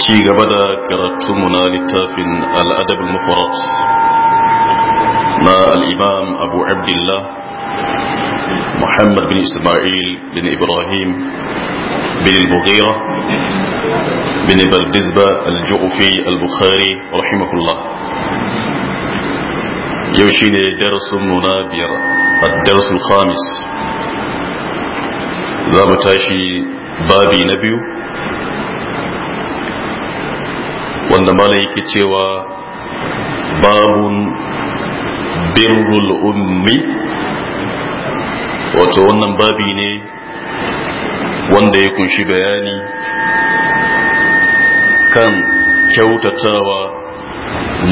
ci gaba da karatunmu na littafin al'adab al-mufarat na al'imam abu abdullah muhammad bin ismail bin ibrahim bin al-mughira bin baldizba al-ju'ufi al-bukhari rahimahullah yau shi ne darasinmu na biyar a darasin khamis za mu tashi babi na biyu wanda mana yake cewa babun birrul ummi wato wannan babi ne wanda ya kunshi bayani kan kyautatawa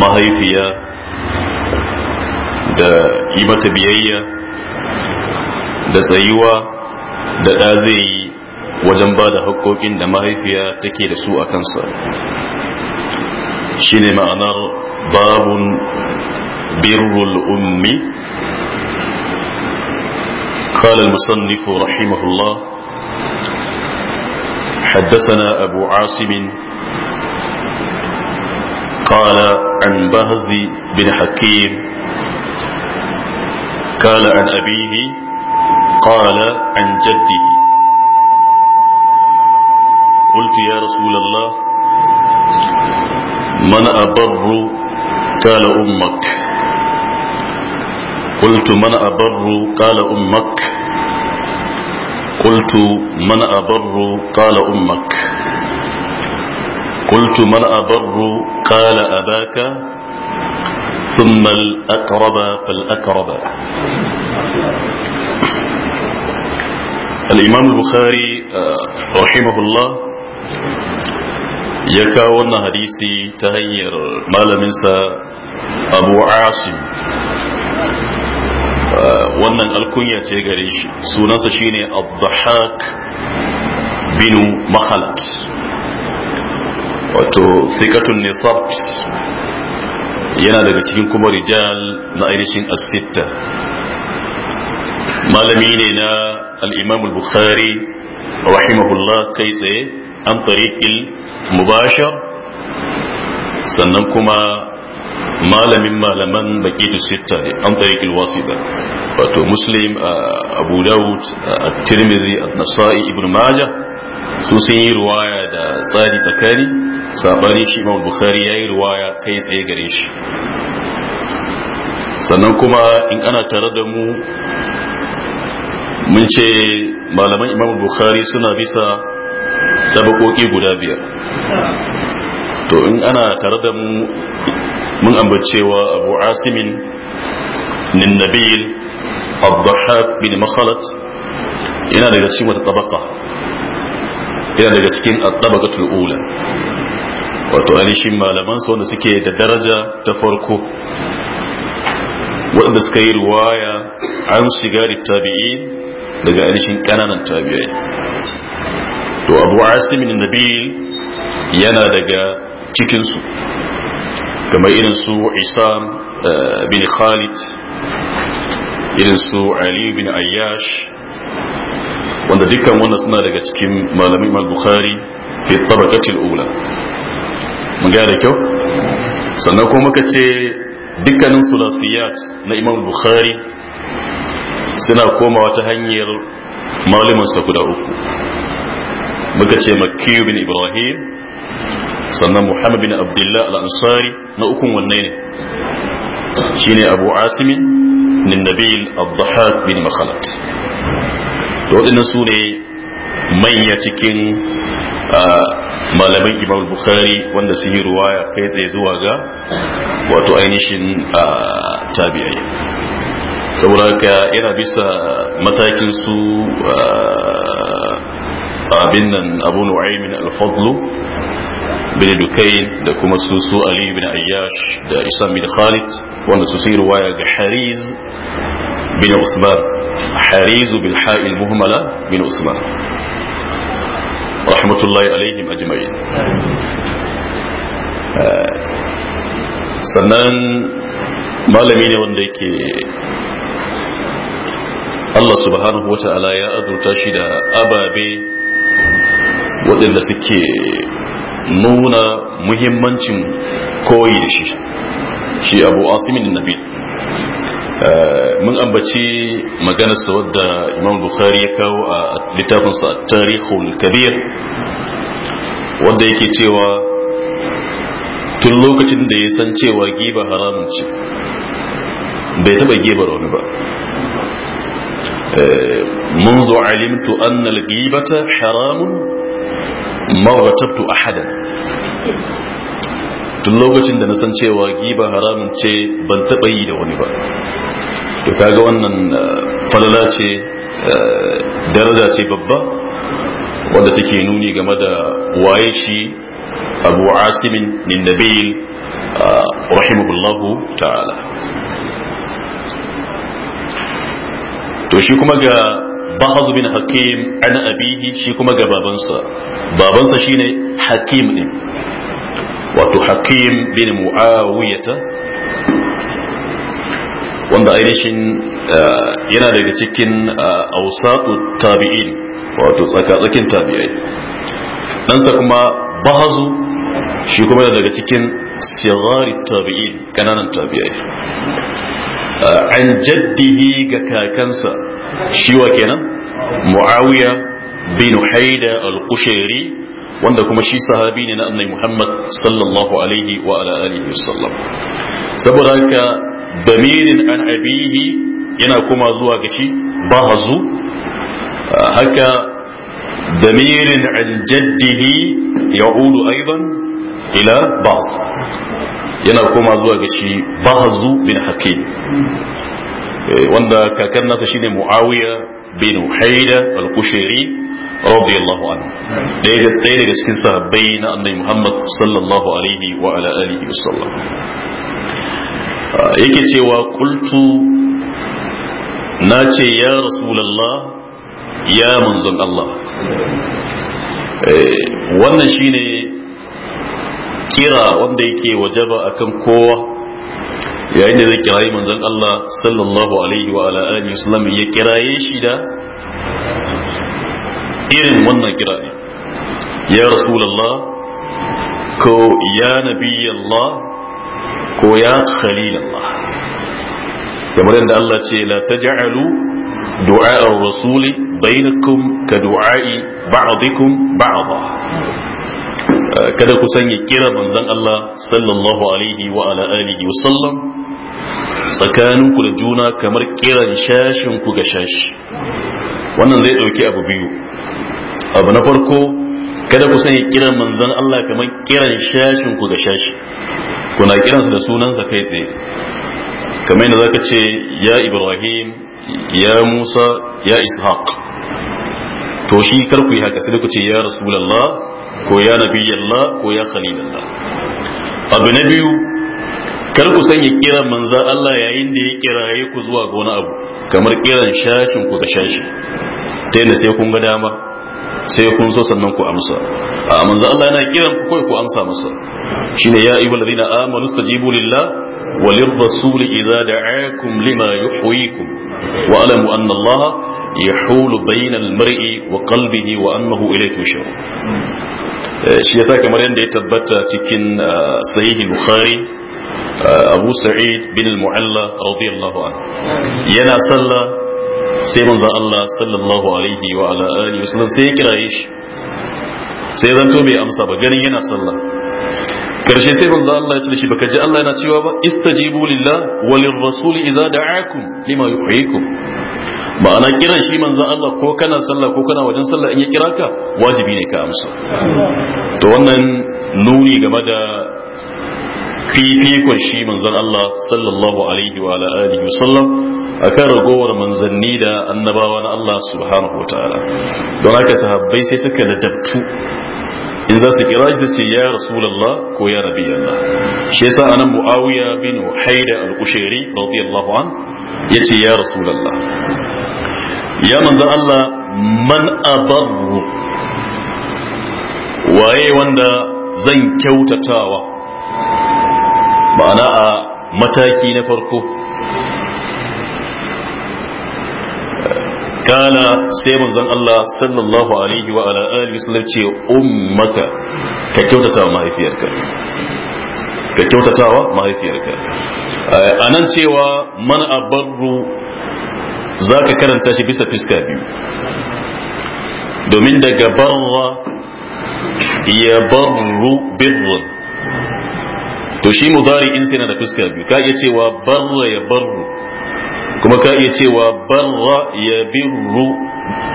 mahaifiya da yi mata biyayya da tsayuwa da ɗa zai yi wajen ba da haƙoƙin da mahaifiya take da su a kansa shine ma'anar babun birrul ummi قال المصنف رحمه الله حدثنا أبو عاصم قال عن بهز بن حكيم قال عن أبيه قال عن جده قلت يا رسول الله من أبر قال أمك قلت من أبر قال أمك قلت من أبر قال أمك قلت من أبر قال أباك ثم الأقرب فالأقرب الإمام البخاري آه، رحمه الله ya kawo wannan hadisi ta hanyar malaminsa abu asim ah, wannan alkunya ce gare shi sunansa shine abdahak binu makhalat wato sikatun nisabt yana daga cikin kuma rijal na ainihin asitta malami ne na al-bukhari rahimahullah kai tsaye an tariqil mubashar sannan kuma malamin malaman baki sitta ne an tariqil wasita wato muslim abu daud tirmizi an-nasa'i ibn majah su sun yi ruwaya da tsari tsakani sabani shi imam bukhari yayi ruwaya kai tsaye gare shi sannan kuma in ana tare da mu mun ce malaman imam bukhari suna bisa tabakoki guda biyar to in ana tare da mu mun ambacewa abu asimin nin nabil abdullahi bin masalat yana daga cikin wata tabaka yana daga cikin tabakatul ula wato ainihin malaman su wanda suke da daraja ta farko waɗanda suka yi ruwaya an shiga tabi'in tabi'i daga ainihin ƙananan tabi'ai to abu asimin nabil yana daga cikinsu kamar irin su isam eh, bin khalid irin su ali bin ayyash wanda dukkan wannan suna daga cikin malamin al-bukhari fi tabaqatil ula mun ga da kyau sannan kuma muka ce dukkanin sulasiyat na imam bukhari suna komawa ta hanyar malamin sa guda uku muka ce makiyu bin ibrahim sannan muhammad bin abdullah al-ansari na ukun wanne ne shine abu asimin bin nabil abdullahat bin makhalat da waɗannan su ne manya cikin malamai imam bukhari wanda su yi ruwaya kai tsaye zuwa ga wato ainihin tabi'ai saboda haka yana bisa matakin su أبنا أبو نعيم الفضل بن دكين دكما السوسو علي بن عياش دا إسام بن خالد ونسوسي رواية حريز بن عثمان حريز بالحاء المهملة بن عثمان رحمة الله عليهم أجمعين سنان ما لمين وندك الله سبحانه وتعالى يا أذو تاشد أبا بي waɗanda suke nuna muhimmancin koyi da shi shi abu asimin nabi eh, mun ambaci maganarsa wadda imam bukhari ya kawo a littafinsa a tarihul kabir wadda yake cewa tun lokacin da ya san cewa giba haramun ce bai taba giba wani ba منذ علمت أن الغيبة حرام mawatattu ahadan tun lokacin da na san cewa giba haramun ce ban taɓa yi da wani ba to kaga wannan eh, falala ce eh, daraja ce babba wadda take nuni game da waye shi abu asimin nin nabil eh, rahimahullahu ta'ala to shi kuma ga bahaz bin hakim an abihi shi kuma ga babansa babansa shine hakim din wato hakim bin muawiyata wanda ainihin eh, yana daga cikin eh, ausatu tabi'in wato tsakatsakin tabi'ai ɗansa kuma bahazu shi kuma yana daga cikin sigari tabi'in kananan tabi'ai eh, an jaddihi ga kakansa shiwa kenan muawiya bin haida al-qushairi wanda kuma shi sahabi ne na annabi Muhammad sallallahu alaihi wa ala alihi sallam. saboda haka damirin an abihi yana kuma zuwa ga shi bahazu haka damirin an jaddihi ulu aidan ila ba yana kuma zuwa ga shi bahazu bin hakim Eh, wanda kakar nasa shine muawiya bin haida al-kushairi radiyallahu anhu daga cikin sahabbai na annabi muhammad sallallahu alaihi wa ala alihi wasallam ah, yake cewa qultu na ce ya rasulullah ya manzon Allah eh, wannan shine kira wanda yake wajaba akan kowa yayin da zai kirayi manzon Allah sallallahu alaihi wa ala alihi wasallam ya kiraye shi da irin wannan kiraye ya rasulullah ko ya nabiyallah ko ya khalilallah kamar yadda Allah ce la taj'alu du'a ar-rasul bainakum ka du'a'i ba'dikum ba'da kada ku sanya kira manzon Allah sallallahu alaihi wa ala alihi wasallam tsakaninku da juna kamar kiran shashin ga shashi wannan zai ɗauki abu biyu abu na farko kada ku sanya kiran manzon Allah kamar kiran shashinku ga shashi kuna kiransa da sunansa kai tsaye kamar yadda zaka ce ya Ibrahim ya Musa ya Ishaq to shi kar ku yi haka sai ku ce ya rasulallah ko ya Nabiyallah ko ya Khalilullah abu na biyu kar ku sanya kiran manza Allah yayin da ya kiraye ku zuwa ga wani abu kamar kiran shashin ku da shashi ta yadda sai kun ga dama sai kun so sannan ku amsa a manza Allah yana kiran ku kai ku amsa masa shine ya ayyuhal ladina amanu stajibu lillah walir rasul idza da'akum lima yuhyikum wa alamu anna Allah yahulu bainal mar'i wa qalbihi wa annahu ilayhi tushur eh, shi yasa kamar yadda ya tabbata cikin ah, sahihi bukhari abu sa'id bin Al-muhalla mu'alla radiyallahu anhu yana sallah sai manzo Allah sallallahu alaihi wa ala alihi wasallam sai ya kiraye shi sai zanto bai amsa ba ganin yana sallah karshe sai manzo Allah ya ce shi baka ji Allah yana cewa ba istajibu lillah walir rasul idza da'akum lima yuhyikum ma'ana kiran shi manzo Allah ko kana sallah ko kana wajen sallah in ya kira ka wajibi ne ka amsa to wannan nuni game da fifikon shi manzan Allah sallallahu alaihi wa alihi wasallam kan ragowar manzanni da annabawa na Allah subhanahu wa ta'ala don haka sahabbai sai suka dabtu. in za su kira su ce ya rasulallah ko ya rabi Allah shi yasa anan muawiya bin haida al-kushairi radiyallahu an yace ya rasulallah. ya manzon Allah man abarru waye wanda zan kyautatawa ma'ana a mataki na farko kana sai manzon Allah sallallahu alaihi wa ala alihi wasallam ce ummaka ka kyautata mahaifiyarka ka kyautatawa mahaifiyarka a nan cewa man abarru za ka karanta shi bisa fiska biyu domin daga barra ya barru birrun to shi in sai na da fuska biyu ka iya cewa barra ya barru kuma ka iya cewa barra ya birru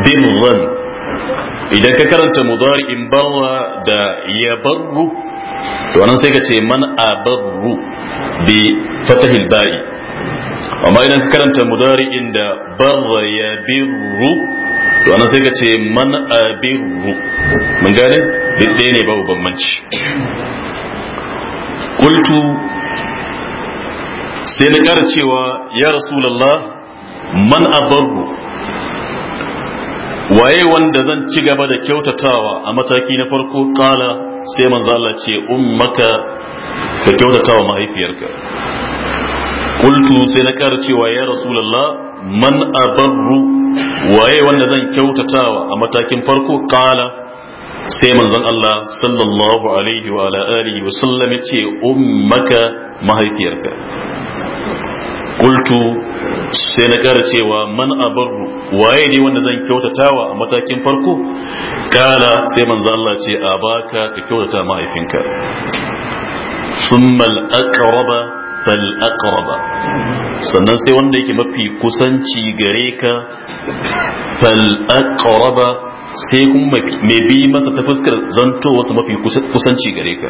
birran idan ka karanta in barra da ya barru to nan sai ka ce man abarru bi fatahil ba'i amma idan ka karanta in da barra ya birru to anan sai ka ce man abirru mun gane duk ɗaya ne babu bambanci Kultu sai na ƙara cewa ya rasulullah man waye wanda zan ci gaba da kyautatawa a mataki na farko kala sai manzo Allah ce ummaka ka kyautatawa mahaifiyarka Kultu sai na ƙara cewa ya rasulullah man abarru waye wanda zan kyautatawa a matakin farko kala sai manzon Allah sallallahu alaihi wa ala alihi wa sallam yace ummaka mahaifiyarka qultu sai na kara cewa man abarru waye ne wanda zan kyautatawa a matakin farko kala sai manzon Allah ce a baka ka kyautata mahaifinka thumma al-aqrab fal aqrab sannan sai wanda yake mafi kusanci gare ka fal sai kuma mai bi masa ta fuskar zanto wasu mafi kusanci gare ka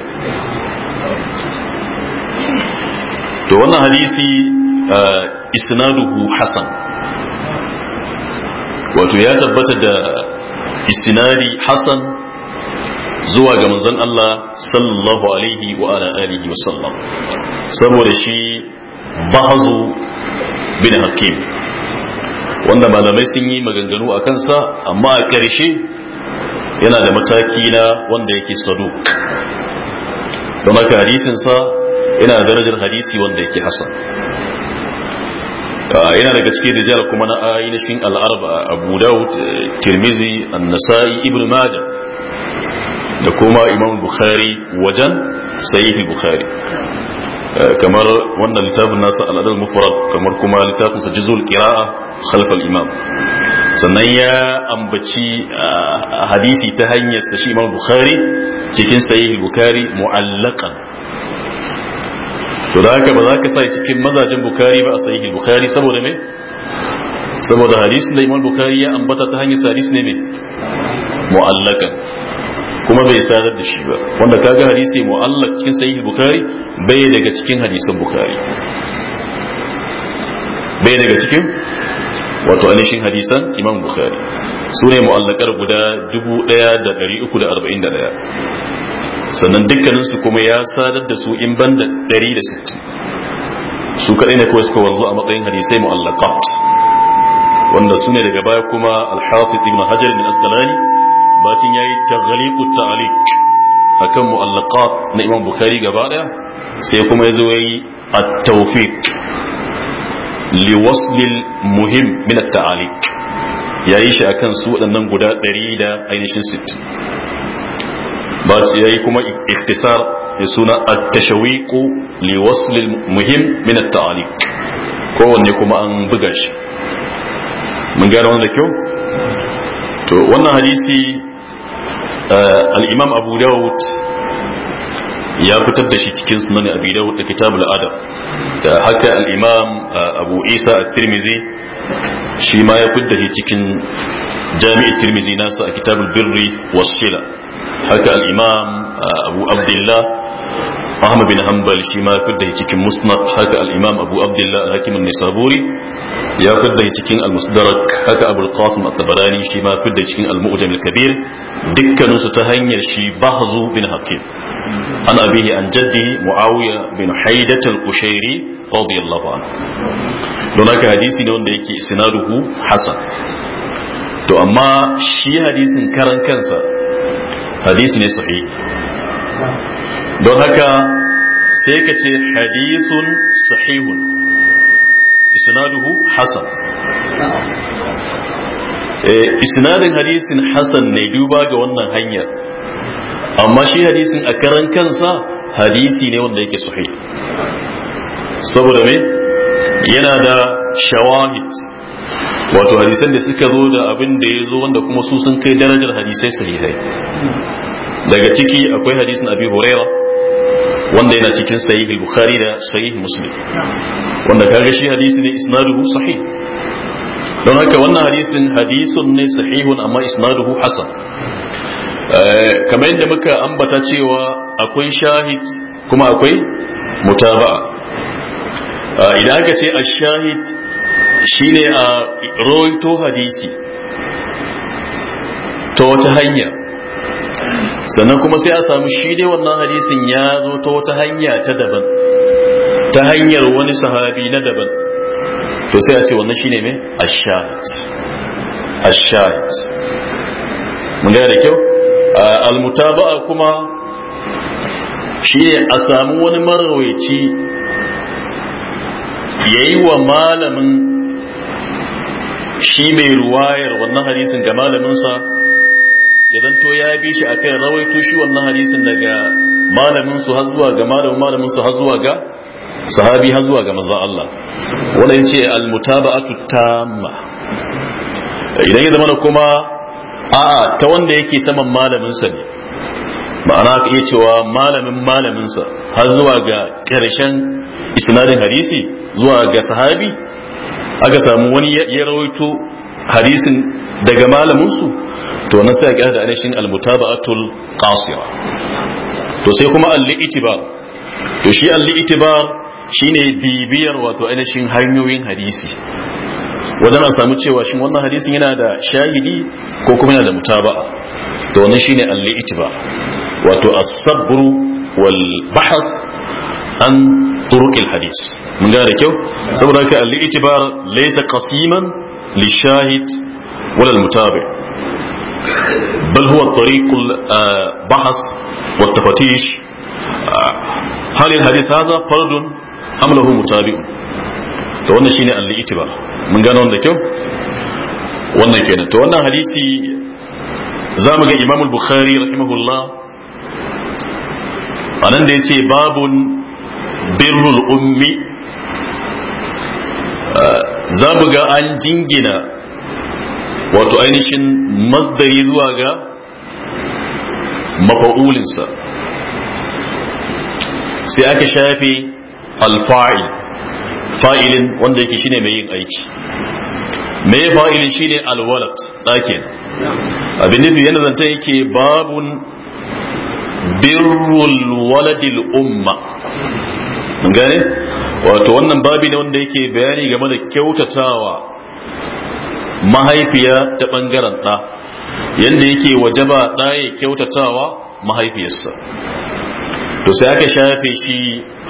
to wannan hadisi uh, isnaduhu hasan wato ya tabbata da isnadi hasan zuwa ga manzon Allah sallallahu alaihi wa ala alihi wa sallam saboda shi bahazu bin hakim wanda malamai sun yi maganganu a kansa amma a ƙarshe yana da mataki na wanda yake sadu don haka hadisinsa yana da darajar hadisi wanda yake hasan ah, yana daga cikin rijal kuma na ainihin al'arba abu daud tirmizi annasai ibn majah da kuma imam bukhari wajen sahihi bukhari ah, kamar wannan littafin nasa al'adar mufrad kamar kuma littafinsa sa juzul khalfal imam sannan ya ambaci hadisi ta hanyar shi imam bukhari cikin sahih bukhari mu'allaqan to da haka za ka sai cikin mazajin bukhari ba a sahih bukhari saboda me saboda hadisin da imam ya ambata ta hanyar hadis ne me kuma bai sadar da shi ba wanda kaga hadisi mu'allaq cikin sahih bukhari bai daga cikin hadisin bukhari bai daga cikin wato ainihin hadisan imam bukhari su ne mu'allakar guda 1341 sannan dukkaninsu kuma ya sadar da su in banda 160 su kaɗai ne kawai suka wanzu a matsayin hadisai mu'allakat wanda su ne daga baya kuma alhafiz ibn hajar min asqalani bacin yayi taghliqu ta'liq akan mu'allakat na imam bukhari gaba daya sai kuma yazo yayi at-tawfiq liwaslil muhim min ta'alik ya yi shi a kan su waɗannan guda ɗari da ainihin sit ba su ya yi kuma iktisar ya suna at-tashawiqu liwaslil muhim min ta'alik kowanne kuma an buga shi mun gyara wannan da kyau to wannan hadisi eh, al-imam abu dawud ya fitar da shi cikin sunan abi dawud da kitabul adab da haka al-imam uh, abu isa at-tirmizi shi ma ya fitar da shi cikin jami'i tirmizi nasa a kitabul birri was shila haka al-imam uh, abu abdullah Ahmad bin Hanbal shi ma fidda cikin Musnad haka al-Imam Abu Abdullah al-Hakim an-Nisaburi ya fidda cikin al-Musdarak haka Abu al-Qasim at-Tabarani shi ma fidda cikin al-Mu'jam al-Kabir dukkanin su ta hanyar shi Bahzu bin Hakim an abihi an jaddi Muawiya bin Haydat al-Qushairi radiyallahu anhu don haka hadisi ne wanda yake sinaduhu hasan to amma shi hadisin karan kansa hadisi ne sahihi don haka sai ka ce hadisun sahihun isnaduhu hasan eh, isnadin hadisin hasan ne duba ga wannan hanyar amma shi hadisin a karan kansa hadisi ne wanda yake sahih saboda me yana da shawahid wato hadisan da suka zo da abin da ya zo wanda kuma su sun kai darajar hadisai sahihai daga ciki akwai hadisin abi huraira wanda yana cikin sahih al-bukhari da sahih muslim wanda kaga shi hadisi ne isnaduhu sahih don haka wannan hadisin hadisun ne sahihun amma isnaduhu hasan eh, kamar yadda muka ambata cewa akwai shahid kuma akwai mutaba'a ah, idan aka ce ashahid shine a rawaito hadisi ta wata hanya sannan kuma sai a samu shi dai wannan hadisin ya zo ta wata hanya ta daban ta hanyar wani sahabi na daban to sai a ce wannan shine me ashahid ashahid mun gaya da kyau almutaba'a kuma shine a samu wani marawaici yi wa malamin shi mai ruwayar wannan hadisin ga malaminsa ya zanto ya bi shi akan rawaito shi wannan hadisin daga malamin su har zuwa ga malamin malamin su har zuwa ga sahabi har zuwa ga manzon Allah wannan yace al mutaba'atu tamma idan ya zama kuma a'a ta wanda yake saman malamin sa ne ma'ana ka iya cewa malamin malamin sa har zuwa ga karshen isnadin hadisi zuwa ga sahabi aka samu wani ya rawaito hadisin daga malaminsu to na sai ya da ainihin almutaba'atul qasira to sai kuma al-i'tibar to shi al-i'tibar shine bibiyar wato ainihin hanyoyin hadisi wajen a samu cewa shin wannan hadisin yana da shahidi ko kuma yana da mutaba'a to wannan shine al-i'tibar wato as-sabr wal bahth an turuq hadis mun ga da kyau saboda haka al-i'tibar laysa qasiman للشاهد ولا المتابع بل هو طريق البحث والتفتيش هل الحديث هذا فرد أم له متابع to wannan shine al-itiba mun gano wanda kyau wannan kenan to wannan hadisi zamu ga Imam al-Bukhari anan da ce babun birrul ummi za mu ga an jingina wato ainihin mazdari zuwa ga mafa'ulinsa sai aka shafe alfa'il fa'ilin wanda yake shine mai yin aiki mai fa'ilin shine alwalat ɗakin abin nufi yana zance yake babun birrul waladil umma gane wato wannan babi ne wanda yake bayani game da kyautatawa mahaifiya ta bangaren ɗa yadda yake wajaba ɗa ya kyautatawa mahaifiyarsa to sai aka shafe shi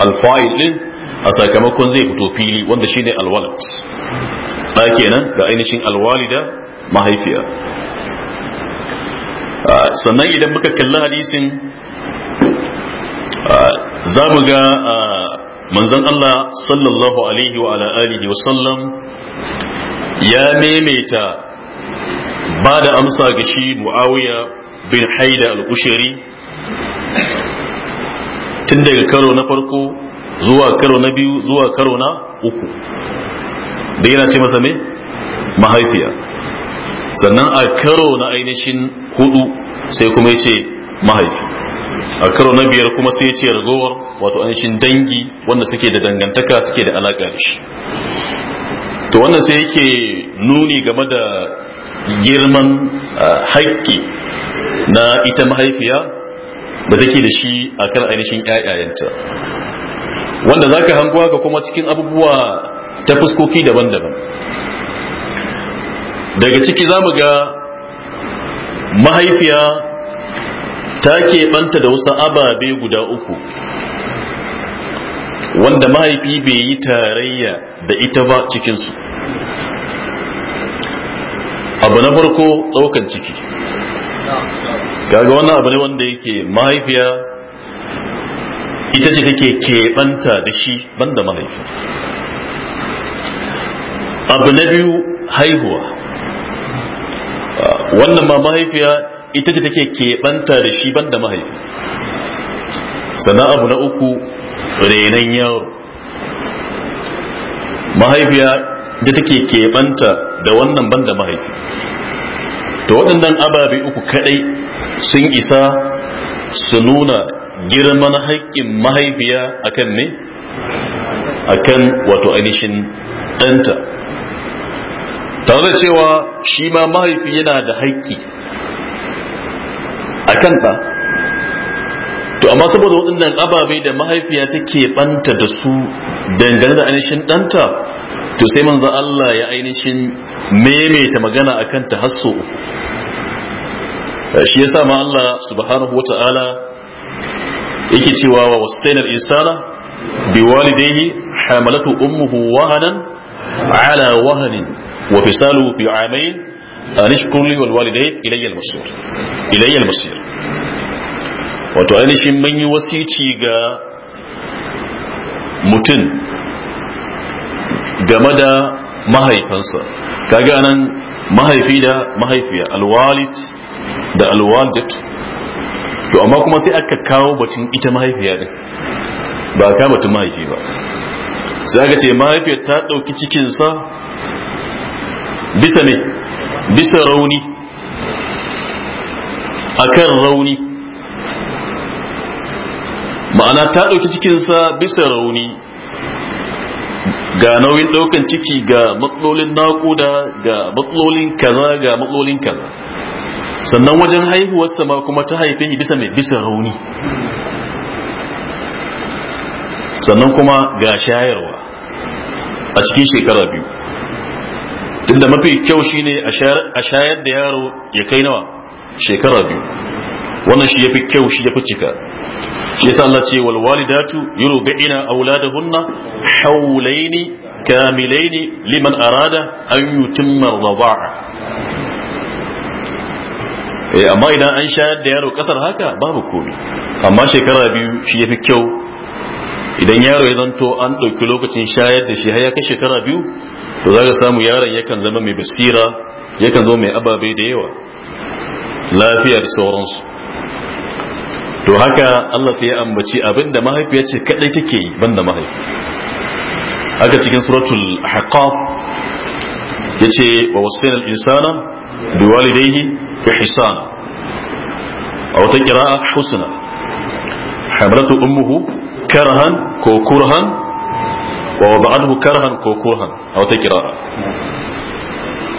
alfa'il ɗin a sakamakon zai fito fili wanda shine alwalad ɗa kenan ga ainihin alwalida mahaifiya sannan idan muka kalli hadisin za mu ga manzon Allah sallallahu alaihi wa ala alihi wa sallam ya maimaita ba da amsa ga shi Muawiya bin Haida al-Ushari tun daga karo na farko zuwa karo na biyu zuwa karo na uku da yana ce masa me mahaifiya sannan a karo na ainihin hudu sai kuma ya ce mahaifi a karo na biyar kuma sai ce ragowar wato ainihin dangi wanda suke da dangantaka suke da alaƙa da shi to wannan sai yake nuni game da girman haƙƙi na ita mahaifiya da take da shi a kan ainihin ƴaƴayenta wanda zaka ka hango haka kuma cikin abubuwa ta fuskoki daban-daban daga ciki za mu ga mahaifiya ta keɓanta da wasu ababe guda uku wanda mahaifi bai yi tarayya da ita ba cikinsu abu na farko ɗaukan ciki kaga wannan abu ne wanda yake mahaifiya ita ce take keɓanta da shi banda mahaifi abu na biyu haihuwa wannan ma mahaifiya ita ce take keɓanta da shi banda mahaifi sannan abu na uku renon yaro mahaifiya da take keɓanta da wannan banda mahaifi to waɗannan ababe uku kaɗai sun isa su nuna girman haƙƙin mahaifiya akan ne akan wato ainihin ɗanta tare da cewa shi ma mahaifi yana da haƙƙi ɗa to amma saboda waɗannan ababe da mahaifiya take banta da su dangane da ainihin ɗanta to sai manzo Allah ya ainihin maimaita magana a kan ta hasso shi yasa ma Allah subhanahu wata'ala yake cewa wa wasainar insana biwalidayhi hamalatu ummuhu wahanan ala wahanin wa fisalu fi amain an wal walidai ilayyal masir ilayyal masir wato ainihin mun yi wasici ga mutum game da mahaifansa kaga anan mahaifi da mahaifiya alwalid da alwalidat to amma kuma sai aka kawo batun ita mahaifiya din ba ka batun mahaifi ba sai aka ce mahaifiyar ta ɗauki cikinsa bisa ne bisa rauni akan rauni ma'ana ta ɗauki cikinsa bisa rauni ga nauyin ɗaukan ciki ga matsalolin naƙuda ga matsalolin kaza ga matsalolin kaza sannan wajen haihuwarsa ma kuma ta haife bisa mai bisa rauni sannan kuma ga shayarwa a cikin shekara biyu tunda mafi kyau shine a shayar da yaro ya kai nawa shekara biyu wannan shi yafi kyau shi yafi cika shi yasa Allah ce wal walidatu yurdi'na auladahunna hawlaini kamilaini liman arada an yutimma rida'a eh amma idan an shayar da yaro kasar haka babu komi. amma shekara biyu shi yafi kyau idan yaro ya zanto an ɗauki lokacin shayar da shi har ya kai shekara biyu to za ka samu yaron yakan zama mai basira yakan zama mai ababe da yawa lafiya da sauransu to haka Allah sai ya ambaci abinda mahaifiya ce kadai take yi banda mahaifi haka cikin suratul haqaf yace wa wasaina al-insana biwalidayhi ihsana aw ta qira'a husna hamalatu ummuhu karahan ko kurhan wa wada'anhu karhan ko kohan a wata kira'a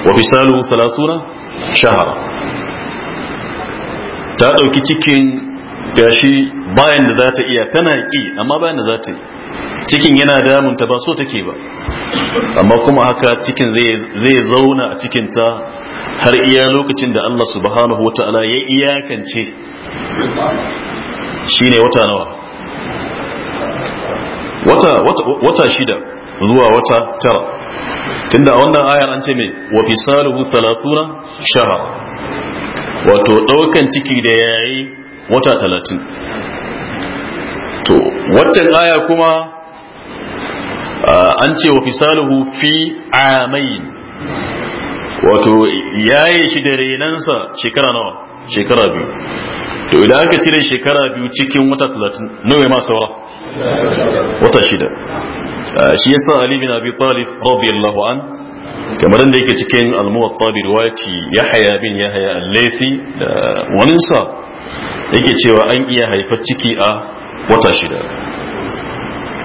wa bisalu salasuna shahara ta ɗauki cikin gashi bayan da za ta iya tana ki amma bayan da za ta yi cikin yana ta ba so take ba amma kuma haka cikin zai zauna a cikin ta har iya lokacin da Allah subhanahu wa ta'ala ya iyakance shine wata nawa wata shida zuwa wata tara tunda a wannan ayar an ce mai wa fisaluhu thalathuna shahar wato daukan ciki da yayi wata talatin to waccan aya kuma an ce wa fisaluhu fi amain wato yaye shi da renansa shekara nawa shekara biyu to idan aka cire shekara biyu cikin wata talatin nawa ma saura wata shida ah, shi yasa ali bin abi talib radiyallahu an kamar da yake cikin al-muwatta bi riwayati yahya bin yahya al-laythi da wani sa yake cewa an iya haifar ciki a wata shida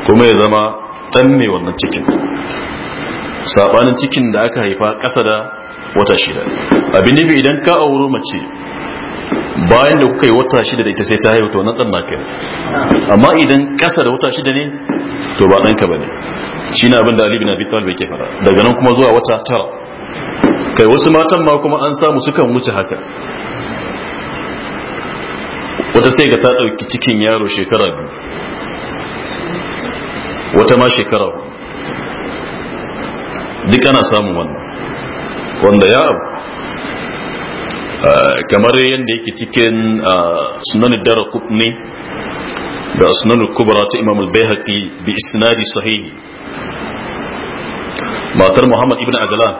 kuma ya zama dan ne wannan cikin sabanin cikin da aka haifa ƙasa da wata shida abin nufi idan ka auro mace bayan da kuka yi wata shida da ita sai ta haihu to nan ɗan kai, amma idan ƙasa da wata shida ne to ba ɗanka ba ne shi na abin da alibi na bital bai ke fara daga nan kuma zuwa wata tara kai wasu matan ma kuma an samu sukan wuce haka wata sai ga ta ɗauki cikin yaro shekara biyu wata ma shekara duk ana samun wannan wanda ya abu Eh, kamar yadda yake cikin eh, sunan dara kubni da sunan kubra ta imam al-bayhaqi bi isnadi sahihi matar muhammad ibn azalan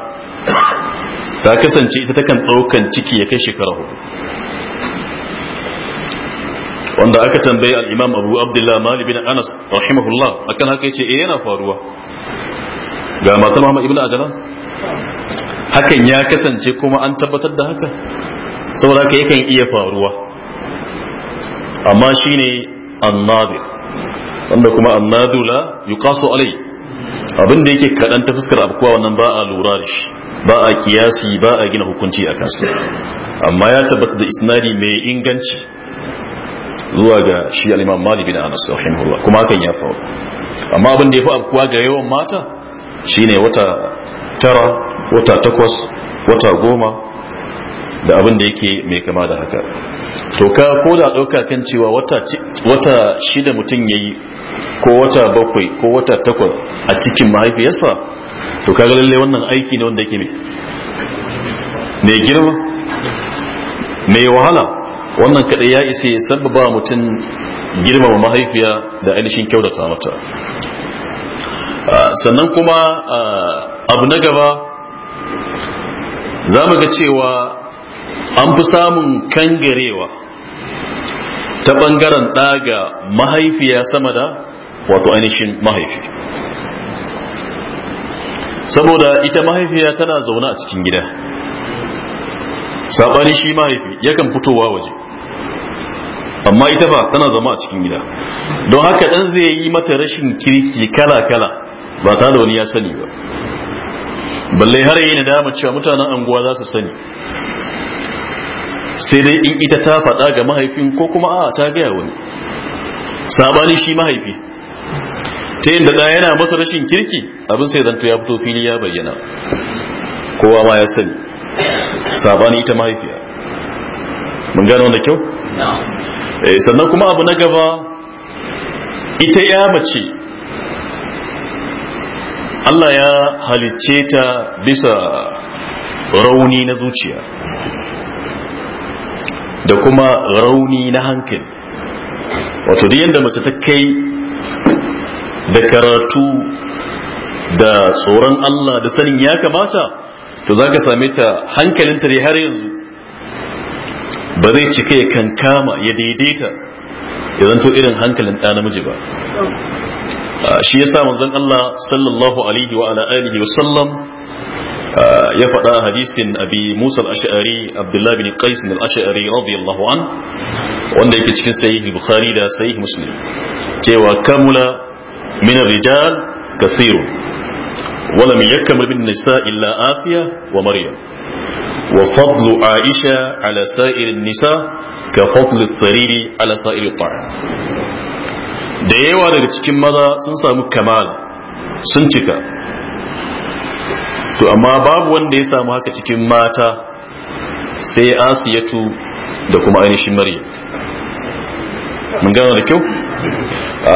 ta kasance ita takan ɗaukan ciki ya kai shekara hudu wanda aka tambaye al-imam abu abdullah mali bin anas rahimahullah akan haka yace eh yana faruwa ga matar muhammad ibn azalan hakan ya kasance kuma an tabbatar da haka saboda haka yakan iya faruwa amma shine annadir wanda kuma annadula yuqasu alai abin da yake kadan ta fuskar abkuwa wannan ba a lura da shi ba a kiyasi ba a gina hukunci a kansa amma ya tabbata da isnadi mai inganci zuwa ga shi al-imam Malik bin Anas rahimahullah kuma hakan ya faru amma abin da yafi abkuwa ga yawan mata shine wata tara wata takwas wata goma da abin da yake mai kama da haka to ka ko da ɗauka kan cewa wata shida mutum ya yi ko wata bakwai ko wata takwas a cikin mahaifiyarsa to kaga lalle wannan aiki ne wanda yake mai girma mai wahala wannan kaɗai ya isa ya sababa mutum girmama mahaifiya da ainihin kyautata mata ah, sannan kuma ah, abu na gaba za mu ga cewa an fi samun kangarewa ta ɓangaren ɗaga mahaifiya sama da wato ainihin mahaifi saboda ita mahaifiya tana zaune a cikin gida saɓani shi mahaifi yakan fitowa waje amma ita ba tana zama a cikin gida don haka ɗan zai yi mata rashin kirki kala-kala ba tare da wani ya sani ba balle har yi na dama cewa mutanen anguwa za su sani sai dai in ita ta faɗa ga mahaifin ko kuma a ta gaya wani sabani shi mahaifi ta yin da ɗaya yana masa rashin kirki abin sai zanto ya fito fili ya bayyana kowa ma ya sani sabani ita mahaifiya mun gano wanda kyau eh, sannan kuma abu na gaba ita ya mace Allah ya halicce ta bisa rauni na zuciya da kuma rauni na hankali wato duk yadda mace ta kai da karatu da tsoron Allah da sanin ya kamata to za ka same ta hankalinta dai har yanzu ba zai cika ya kankama ya daidaita ya zanto irin hankalin ɗa namiji ba Ah, shi yasa manzon Allah sallallahu alaihi wa ala alihi wa sallam ah, ya faɗa hadisin abi Musa al-Ash'ari Abdullah bin Qais al-Ash'ari radiyallahu an wanda yake cikin sahih Bukhari da sahih Muslim cewa kamula min ar-rijal kathirun wa lam yakmal min nisa illa Asiya wa Maryam wa fadlu Aisha ala sa'ir an-nisa ka fadlu al-sariri ala da yawa daga cikin maza sun samu kamal sun cika to amma babu wanda ya samu haka cikin mata sai asiyatu da kuma ainihin maryam mun gano da kyau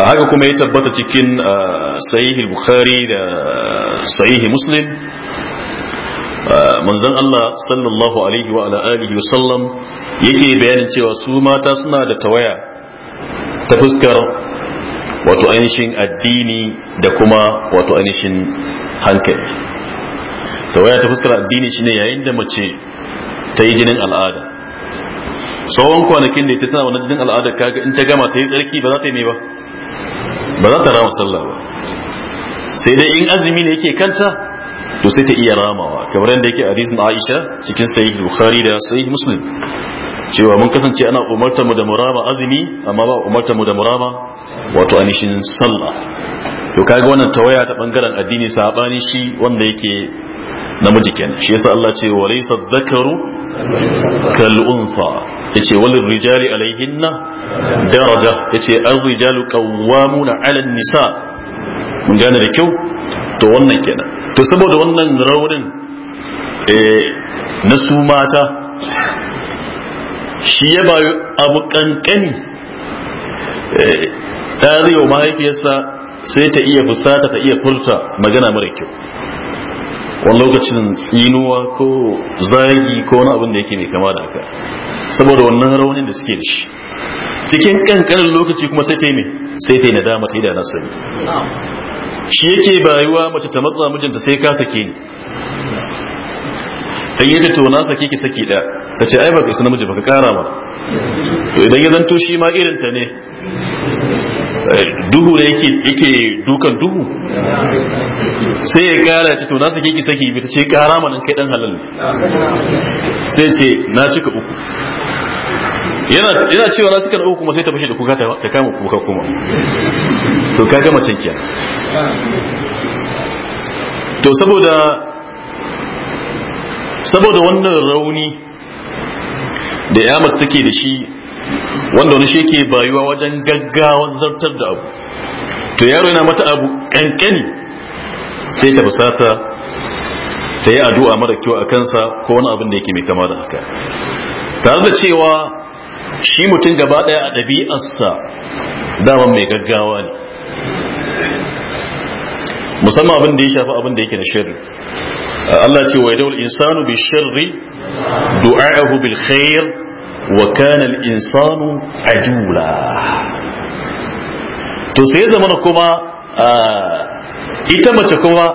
haka kuma ya tabbata cikin sahihi bukhari da sahihi muslim manzon Allah sallallahu alaihi wa ala alihi sallam yake bayanin cewa su mata suna da tawaya ta fuskar wato ainihin addini da kuma wato ainihin hankali tawaya ta fuskar addini shine yayin da mace ta yi jinin al'ada tsawon kwanakin da ita tana wani jinin al'ada kaga in ta gama ta yi tsarki ba za ta yi ba ba za ta rama sallah ba sai dai in azumi ne yake kanta to sai ta iya ramawa kamar yadda yake a aisha cikin sahih bukhari da sahih muslim cewa mun kasance ana umartar mu da murama azumi amma ba umartar mu da murama? wato anishin sallah to kaga wannan tawaya ta bangaren addini sabani shi wanda yake namiji kenan shi yasa Allah ce wa laysa dhakaru kal unsa yace wal rijali alaihinna daraja yace ar rijalu qawwamuna ala an nisa mun gane da kyau to wannan kenan to saboda wannan raunin eh na su mata shi ya bayu abu kankani eh, ta zai wa mahaifiyarsa sai ta iya fusata ta iya furta magana mara kyau wani lokacin tsinuwa ko zagi ko wani abin da yake mai kama da haka saboda wannan raunin da suke da shi cikin kankanin lokaci kuma sai ta yi sai ta yi nadama ta yi idana sani shi yake bayuwa mace ta matsa mijinta sai ka sake ni in yace to na sake ki saki da ta ce ai ka isa namiji ka kara ba to idan ya zanto shi ma irin ta ne eh, duhu da yake yake dukan duhu sai ya kara ya ce to na sake ki saki bi ta ce kara ma nan kai dan halal sai ce na cika uku yana cewa na suka uku kuma sai ta fashe da kuka ta kama kuka kuma to ka gama cin to saboda saboda wannan rauni da yamas take da shi wanda wani shi ke bayuwa wajen gaggawa zartar da abu to yaro yana mata abu kankani sai ta fusata ta yi addu'a mara kyau a kansa ko wani abin da yake mai kama da haka tare da cewa shi mutum gaba ɗaya a ɗabi'arsa daman mai gaggawa ne musamman abin da ya shafi abin da yake na shirin Allah ce wa yadawul insanu bi sharri du'a'ahu bil wa kana insanu ajula to sai zamana kuma ita mace kuma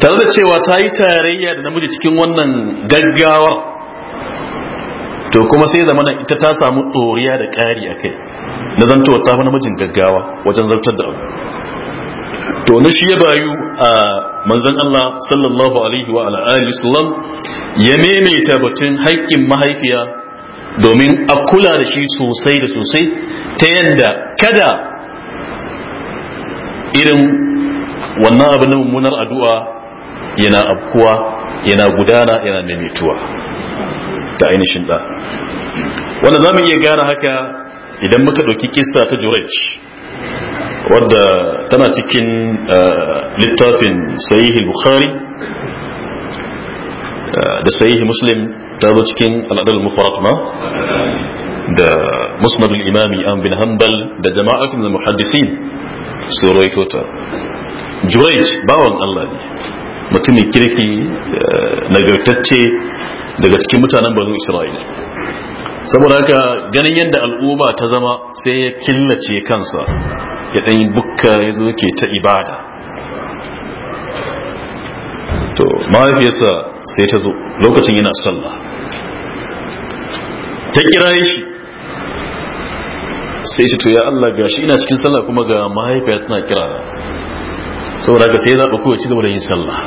tare da cewa ta yi tarayya da namiji cikin wannan gaggawar to kuma sai zamana ita ta samu tsoriya da ƙari a kai na zantowa ta fi namijin gaggawa wajen zartar da abu to na shi ya bayu a manzon Allah sallallahu alaihi wa ala alihi sallam ya maimaita batun haƙƙin mahaifiya domin a kula da shi sosai da sosai ta yadda kada irin wannan abin na mummunar addu'a yana abkuwa yana gudana yana maimaituwa ta ainihin da wanda za mu iya gane haka idan muka ɗauki kista ta jurej wadda tana cikin eh, littafin sahihi bukhari eh, da sahihi muslim ta zo cikin al'adar mufarat ma da musnadul imami an bin hanbal da jama'atun da muhaddisin su roito ta juwaij bawan allah ne mutumin kirki eh, nagartacce daga cikin mutanen banu isra'ila saboda haka ganin yadda al'umma ta zama sai ya killace kansa ya dan yi bukka ya zo ke ta ibada to mahaifiyarsa sai ta zo lokacin yana sallah ta kira shi sai shi to ya Allah gashi ina cikin sallah kuma ga mahaifiyar tana kira saboda ka sai ya zaɓa kowace gaba da yin sallah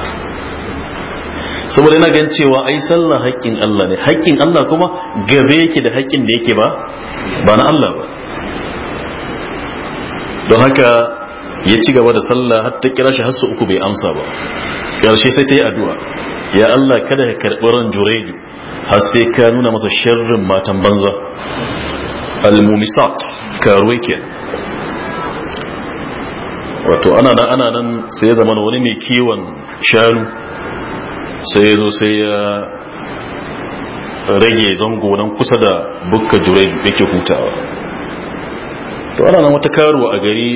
saboda yana gan cewa ai sallah haƙƙin Allah ne haƙƙin Allah kuma gabe yake da haƙƙin da yake ba ba na Allah ba don haka ya ci gaba da sallah har ta kira shi har uku bai amsa ba karshe sai ta yi addu'a ya Allah kada ka karɓi ran juraidu har sai ka nuna masa sharrin matan banza al karuwa ke wato ana nan ana nan sai ya zama wani mai kiwon shanu sai ya zo sai ya rage zango nan kusa da bukka juraidu yake hutawa to ana nan wata karuwa a gari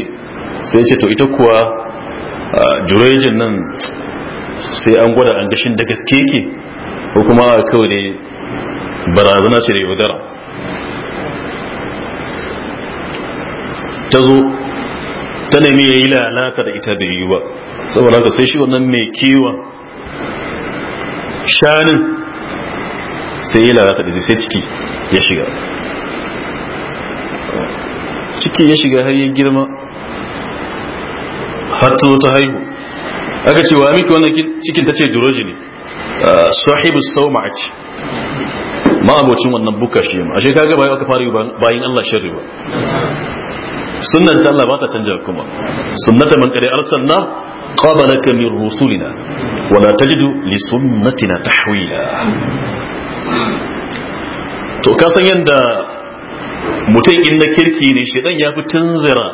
sai ce to ita kuwa jurejin nan sai an gwada an gashin da gaske yake ko kuma kawai dai barazana ce da yaudara ta zo ta nemi ya yi lalata da ita bai yi ba saboda haka sai shi wannan mai kiwon shanin sai yi lalata da sai ciki ya shiga ciki ya shiga har ya girma har ta haihu aka ce wa miki wannan cikin ta ce duroji ne ah, sahibu sau ma abocin wannan buka shi ma ashe kaga bayan aka fara bayin Allah sharri ba sunnar da Allah ba ta canja kuma sunnata man kare arsalna qabalaka min rusulina la tajidu li sunnatina tahwila to ka san yanda mutum in na kirki ne shaidan ya fi tunzira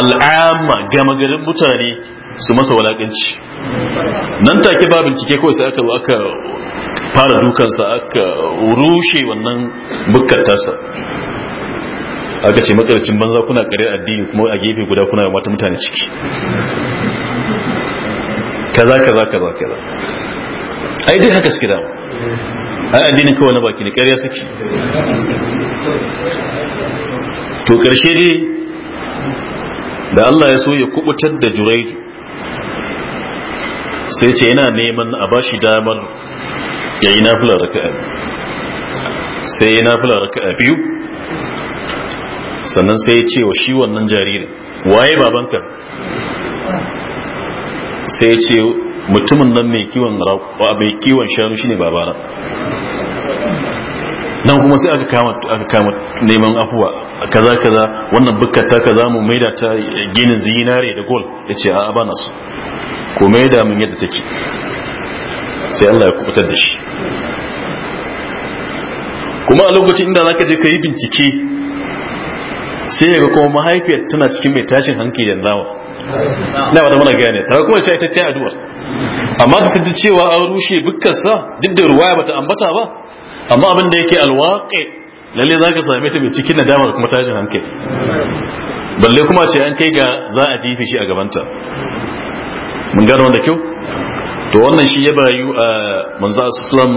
al'amma gama garin mutane su masa walakanci nan take ba bincike kawai sai aka aka fara dukansa aka rushe wannan bukkar tasa aka ce makarcin banza kuna kare addini kuma a gefe guda kuna yi mata mutane ciki kaza kaza kaza kaza ai dai haka suke da ai addinin kawai na baki ne karya suke to ƙarshe dai da Allah ya so ya kubutar da juraidu sai ce yana neman a ba shi damar ya yi nafila raka'a sai ya nafila raka'a biyu sannan sai ya ce wa shi wannan jaririn waye babanka sai ya ce mutumin nan mai kiwon shanu shi ne babana nan kuma sai aka kama aka kama neman afuwa kaza kaza wannan bukkar ta kaza mu maida ta ginin zinare da gol yace a bana su ko maida mun yadda take sai Allah ya kubutar da shi kuma a lokacin inda zaka je kai bincike sai ga kuma mahaifiyar tana cikin mai tashin hankali da zawa na wata muna gane tare kuma sai ta kai addu'a amma ta ji cewa an rushe bukkarsa duk da ruwaya bata ambata ba amma abin da yake alwaƙe lalle za ka same ta mai cikin nadama da kuma tashin hankali balle kuma ce an kai ga za a jifi shi a gabanta mun gano wanda kyau to wannan shi ya bayu a manzo sallam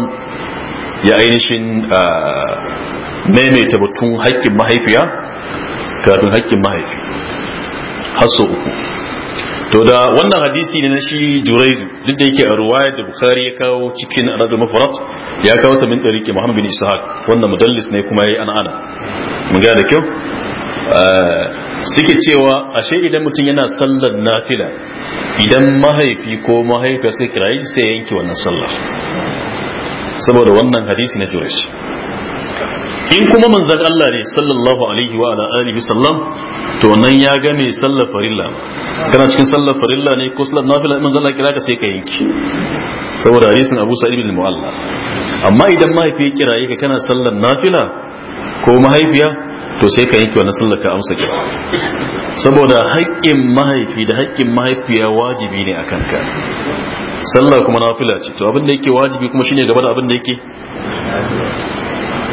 ya ainihin maimaita batun haƙƙin mahaifiya kafin haƙƙin mahaifi har uku to da wannan hadisi ne na shi juraidu duk da yake a ruwaya da bukhari ya kawo cikin anadul mafarat ya kawo ta min dariki muhammad bin ishaq wannan mudallis ne kuma yayi ana mun ga da kyau eh, suke cewa ashe idan mutum yana sallar nafila idan mahaifi ko mahaifa sai kirayi sai yanke wannan sallar saboda wannan hadisi na juraidu in kuma manzan Allah ne sallallahu alaihi wa ala alihi sallam to nan ya ga mai sallar farilla kana cikin sallar farilla ne ko sallar nafila manzan Allah kira ka sai ka yanki saboda hadisin Abu Sa'id bin Mu'alla amma idan mahaifi ya kira ka kana sallar nafila ko mahaifiya to sai ka yanki wannan sallar ka amsa kira saboda haƙƙin mahaifi da haƙƙin mahaifiya wajibi ne akan ka sallah kuma nafila ce to abin da yake wajibi kuma shine gaba da abin da yake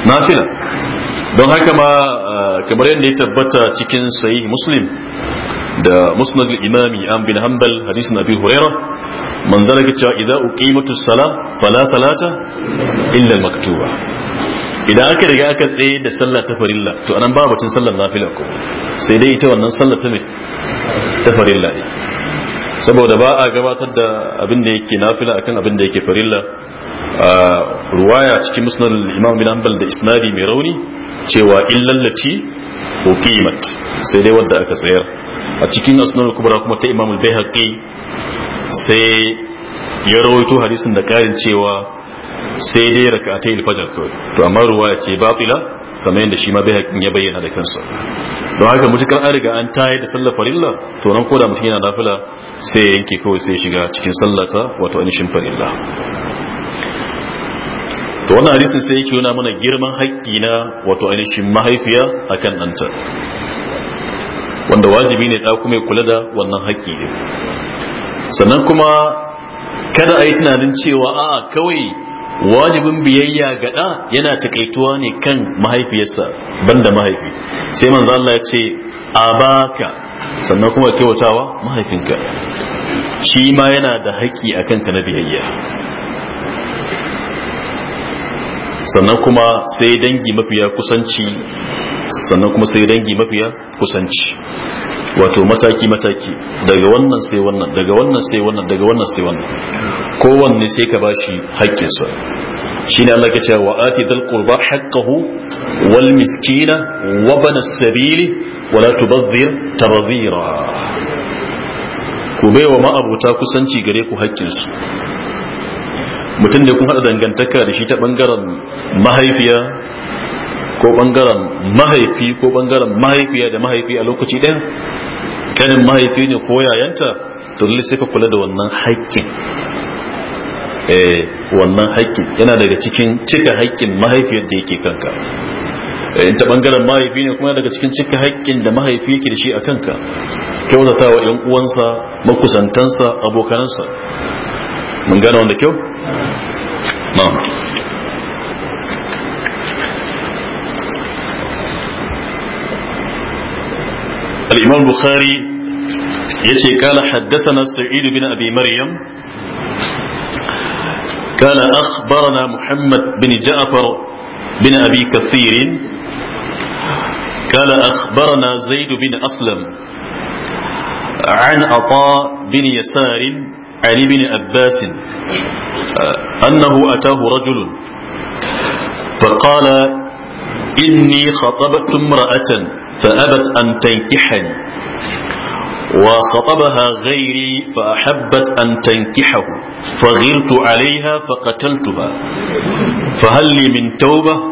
nafila don haka ma eh, kamar yadda ya tabbata cikin sahih muslim da musnad imami an bin hanbal hadisin abi huraira manzon yake cewa idza uqimatu sala fala salata illa maktuba idan aka riga aka tsaye da sallah ta farilla to anan ba batun sallar nafila ko sai dai ita wannan sallar ta me ta farilla ne saboda ba a gabatar da abin da yake nafila akan abin da yake farilla ruwaya cikin musnad imam bin hanbal da isnadi mai rauni cewa illallati uqimat sai dai wanda aka tsayar a cikin asnad kubra kuma ta imam al-baihaqi sai ya rawaito hadisin da karin cewa sai dai rak'atai al-fajr kawai to amma ruwaya ce batila kamar yadda shi ma bai ya bayyana da kansa don haka mutukar an riga an tayar da sallar farilla to nan koda mutum yana nafila sai yanke kawai sai shiga cikin sallata wato anishin farilla to wannan hadisin sai yake yana mana girman haƙƙi na wato ainihin mahaifiya akan ɗanta wanda wajibi ne ɗa kuma kula da wannan haƙƙi ne sannan kuma kada a yi tunanin cewa a kawai wajibin biyayya ga ɗa yana takaituwa ne kan mahaifiyarsa banda mahaifi sai manzo Allah ya ce abaka sannan kuma kyautawa mahaifinka shi ma yana da haƙƙi a kanka na biyayya sannan kuma sai dangi mafiya kusanci sannan kuma sai dangi mafiya kusanci wato mataki-mataki daga wannan sai wannan daga wannan sai wannan daga wannan sai wannan kowanne sai ka bashi haƙƙinsa shi ne Allah ka ce wa ati dal qurba haqqahu wal miskina wa bana sabili wala tubazzir tabazira ku baiwa ma'abuta kusanci gare ku haƙƙinsu mutum da kun haɗa dangantaka da shi ta ɓangaren mahaifiya ko ɓangaren mahaifi ko ɓangaren mahaifiya da mahaifi a lokaci ɗaya kanin mahaifi ne ko yayanta to lalle sai ka kula da wannan haƙƙin eh wannan haƙƙin yana daga cikin cika haƙƙin mahaifiyar da yake kanka Eh, in ta bangaren mahaifi ne kuma daga cikin cika haƙƙin da mahaifi yake da shi a kanka kyautata wa ‘yan uwansa makusantansa abokanansa mun gane wanda kyau? na'am الإمام البخاري يتي قال حدثنا السعيد بن أبي مريم قال أخبرنا محمد بن جعفر بن أبي كثير قال أخبرنا زيد بن أسلم عن عطاء بن يسار عن ابن عباس آه، أنه أتاه رجل فقال إني خطبت امرأة فأبت أن تنكحني وخطبها غيري فأحبت أن تنكحه فغلت عليها فقتلتها فهل لي من توبة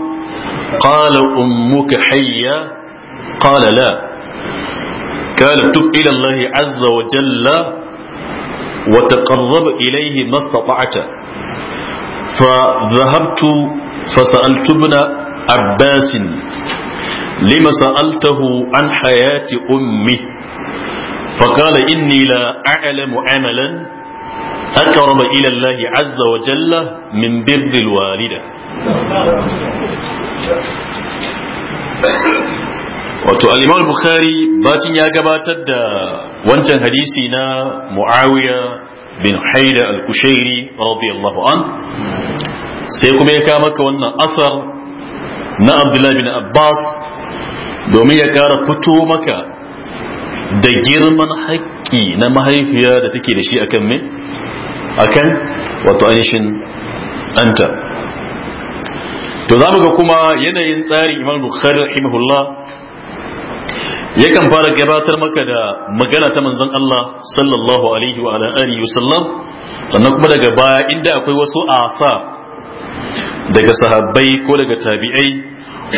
قال أمك حية قال لا قال تب إلى الله عز وجل وتقرب إليه ما استطعت فذهبت فسألت ابن عباس لما سألته عن حياة أمي فقال إني لا أعلم عملا أقرب إلى الله عز وجل من بر الوالدة wato al-imam bukhari bacin ya gabatar da wancan hadisi na muawiya bin haida al-kushairi radiyallahu an sai kuma ya kama maka wannan asar na abdullahi bin abbas domin ya kara fito maka da girman haƙƙi na mahaifiya da take da shi akan me akan wato ainihin anta to za mu ga kuma yanayin tsarin imam bukhari rahimahullah yakan fara gabatar maka da magana ta manzon Allah sallallahu alaihi wa alihi wasallam sannan kuma daga baya inda akwai wasu asa daga sahabbai ko daga tabi'ai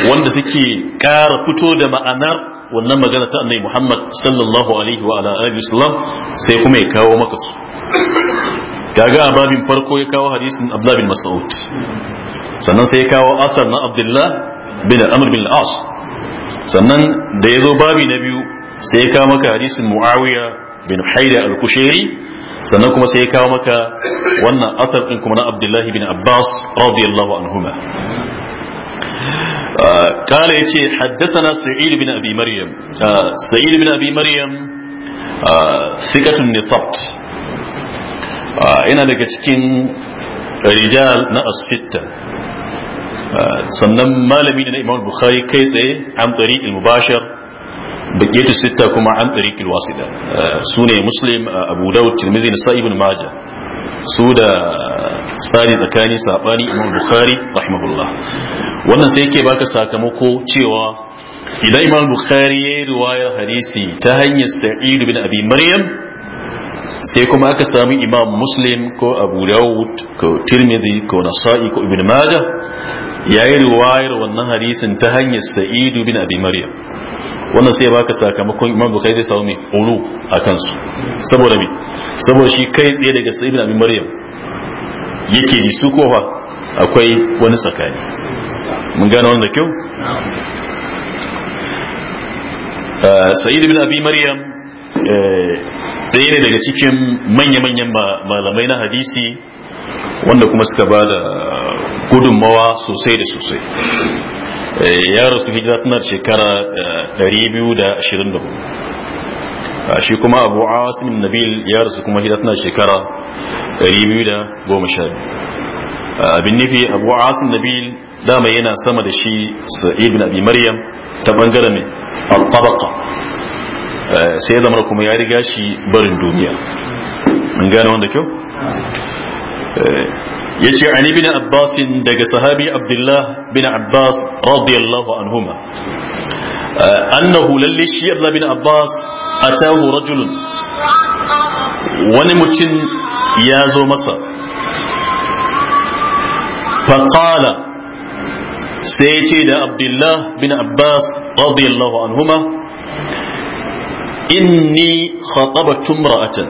wanda suke ƙara fito da ma'anar wannan magana ta annabi Muhammad sallallahu alaihi wa alihi wasallam sai kuma ya kawo maka su kaga a babin farko ya kawo hadisin Abdullah bin Mas'ud sannan sai ya kawo asar na Abdullah bin Amr bin Al-As sannan da ya zo babi na biyu sai ya kawo maka hadisin muawiya bin haida al-kushairi sannan kuma sai ya kawo maka wannan asar ɗin kuma na abdullahi bin abbas radiyallahu anhuma قال يتي حدثنا سعيد بن ابي مريم bin بن ابي Sikatin ثقة النصبت ina daga cikin rijal na as sannan malami ne na imam bukhari kai tsaye an tariqil mubashir baqiyatu sitta kuma an tariqil wasida sune muslim abu daud tirmizi nasa'i ibn majah su da tsari tsakani sabani imam bukhari rahimahullah wannan sai yake baka sakamako cewa idan imam bukhari ya yi riwayar hadisi ta hanyar sa'id bin abi maryam sai kuma aka samu imam muslim ko abu dawud ko tirmidhi ko nasa'i ko ibn majah ya yi riwayar wannan hadisin ta hanyar sa'idu bin abi maryam wannan sai baka sakamakon imam bukai zai samu mai ulu a kansu saboda me saboda shi kai tsaye daga sa'idu bin abi maryam yake ji su kofa akwai wani tsakani mun gane wanda da kyau uh, sa'idu bin abi maryam eh, ɗaya ne daga cikin manya-manyan malamai na hadisi wanda kuma suka ba da gudunmawa sosai da sosai eh, ya rasu hijira tana shekara 224 eh, ah, shi kuma abu asim nabil ya rasu kuma hijira tana shekara 212 ah, abin nufi abu asim nabil dama yana sama da shi sa'id bin abi maryam ta bangaren mai al-tabaqa eh, sai ya zama kuma ya riga shi barin duniya An gane wanda kyau yace an ibn abbas daga sahabi abdullah bin abbas radiyallahu anhuma eh, annahu lalle shi abdullah bin abbas atahu rajulun wani mutum ya zo masa faqala sai ya ce da abdullah bin abbas radiyallahu anhuma inni khatabtu imra'atan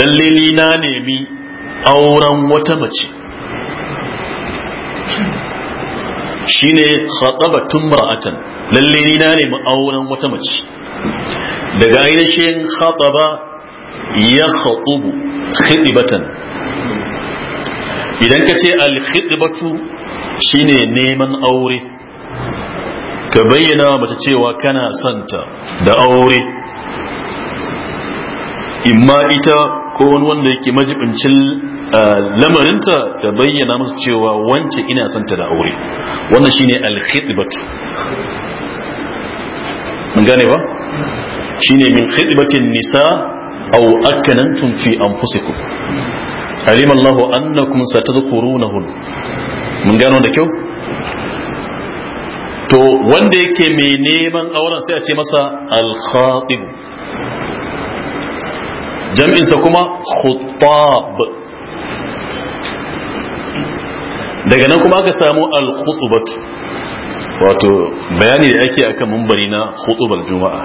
lalle ni na nemi auren wata mace shine khatabatun mar'atan lalle ni na nemi auren wata mace daga ainihin khataba ya khatubu khidibatan idan ka ce al-khidibatu shine neman aure ka bayyana mace cewa kana santa da aure imma ita ko wani wanda yake majibincin uh, lamarinta ta bayyana musu cewa wance ina son ta da aure wannan shine al-khidbatu mun gane ba shine min khidbatin nisa aw akkanantum fi anfusikum alim Allah annakum satadhkurunahun mun gane wanda kyau to wanda yake mai neman auren sai a ce masa al-khatib jam'insa kuma khutab daga nan kuma aka samu al wato bayani da ake akan mambari na khutubar juma'a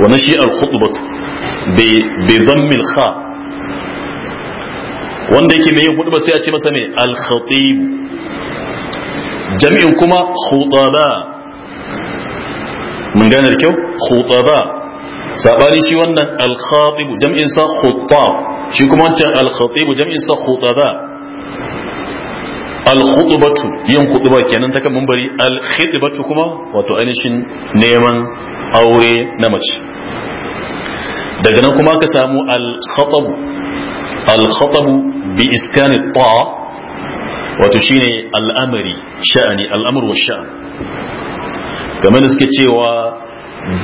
wannan shi al-khutubatu bi dhammil kha wanda yake mai hudu sai a ce masa ne al-khatib kuma khutaba mun gane da kyau khutaba sabani shi wannan al-khatib jam'in sa khutab shi kuma wancan al-khatib jam'in sa khutaba al-khutbatu yin khutba kenan ta kan bari. al-khitbatu kuma wato ainihin neman aure na mace daga nan kuma ka samu al-khatab al-khatab bi iskani ta wato shine al-amri sha'ani al-amru wa sha'an kamar suke cewa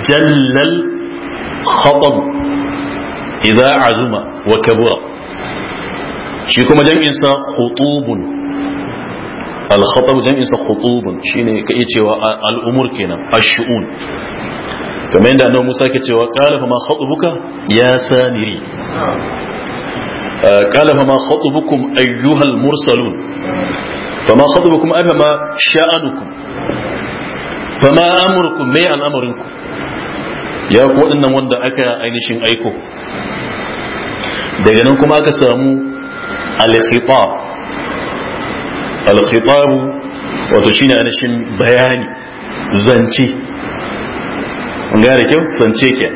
jallal khatab idza azuma wa kabura shi kuma jam'in sa khutubun al khatab jam'in sa khutubun shine kai cewa al umur kamar yadda annabi Musa ke cewa qala fa ya samiri uh, qala fa ma khatubukum ma ya ku waɗannan wanda aka ainihin aiko daga nan kuma aka samu al-khitab al-khitab wato shine ainihin bayani zance gane kyau zance ke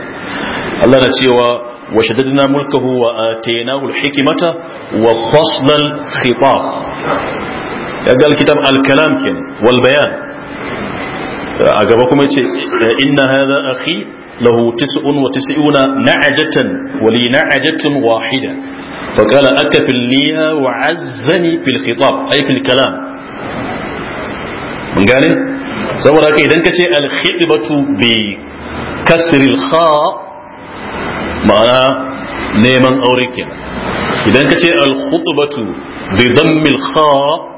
Allah na cewa wa shaddadna mulkahu wa atainahu al-hikmata wa fasl al-khitab kaga al-kitab ken wal bayan a gaba kuma yace inna hadha akhi له تسع وتسعون نعجة ولي نعجة واحدة فقال أكفلنيها وعزني في الخطاب أي في الكلام من قال سأقول لك إذا كتي الخطبة بكسر الخاء معنا نيمان أوريكين إذا كتي الخطبة بضم الخاء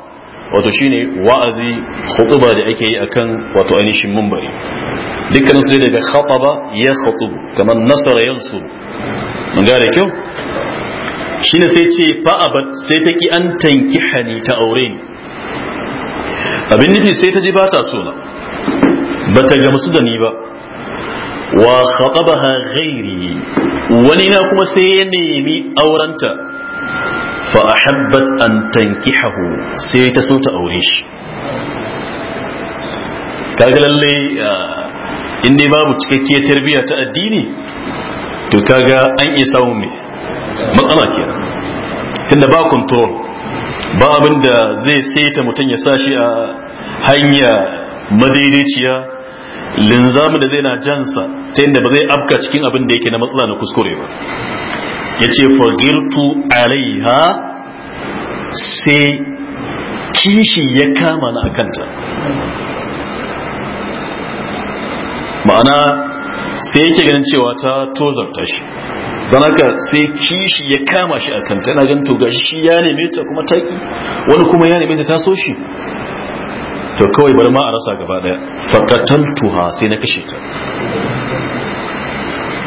wato shine wa'azi khutuba da ake yi akan wato ainihin mumbari dukkan su daga khataba ya khatubu kamar nasara yansu mun ga da kyau shine sai ce fa abat sai ta ki an tankihani ta aure ni abin nufi sai ta ji ba ta so na ba ta gamsu da ni ba wa khatabaha ghairi wani na kuma sai ya nemi aurenta fa ahabbat an tankihahu sai ta so ta aure shi kaga lalle ah, in dai babu cikakkiyar tarbiyya ta addini to kaga an iya samun me matsala kenan tunda ba control ba abin da zai saita mutum ya sashi a hanya madaidaiciya linzamin da zai na jansa ta yadda ba zai afka cikin abin da yake na matsala na kuskure ba ya ce fagiltu alaiha sai kishi ya kama na akanta ma'ana sai yake ganin cewa ta tozarta shi don haka sai kishi ya kama shi akanta yana ganin toga shi ya neme ta kuma taƙi wani kuma ya neme ta so shi to kawai bari ma a rasa gaba daya fakatantuha sai na kashe ta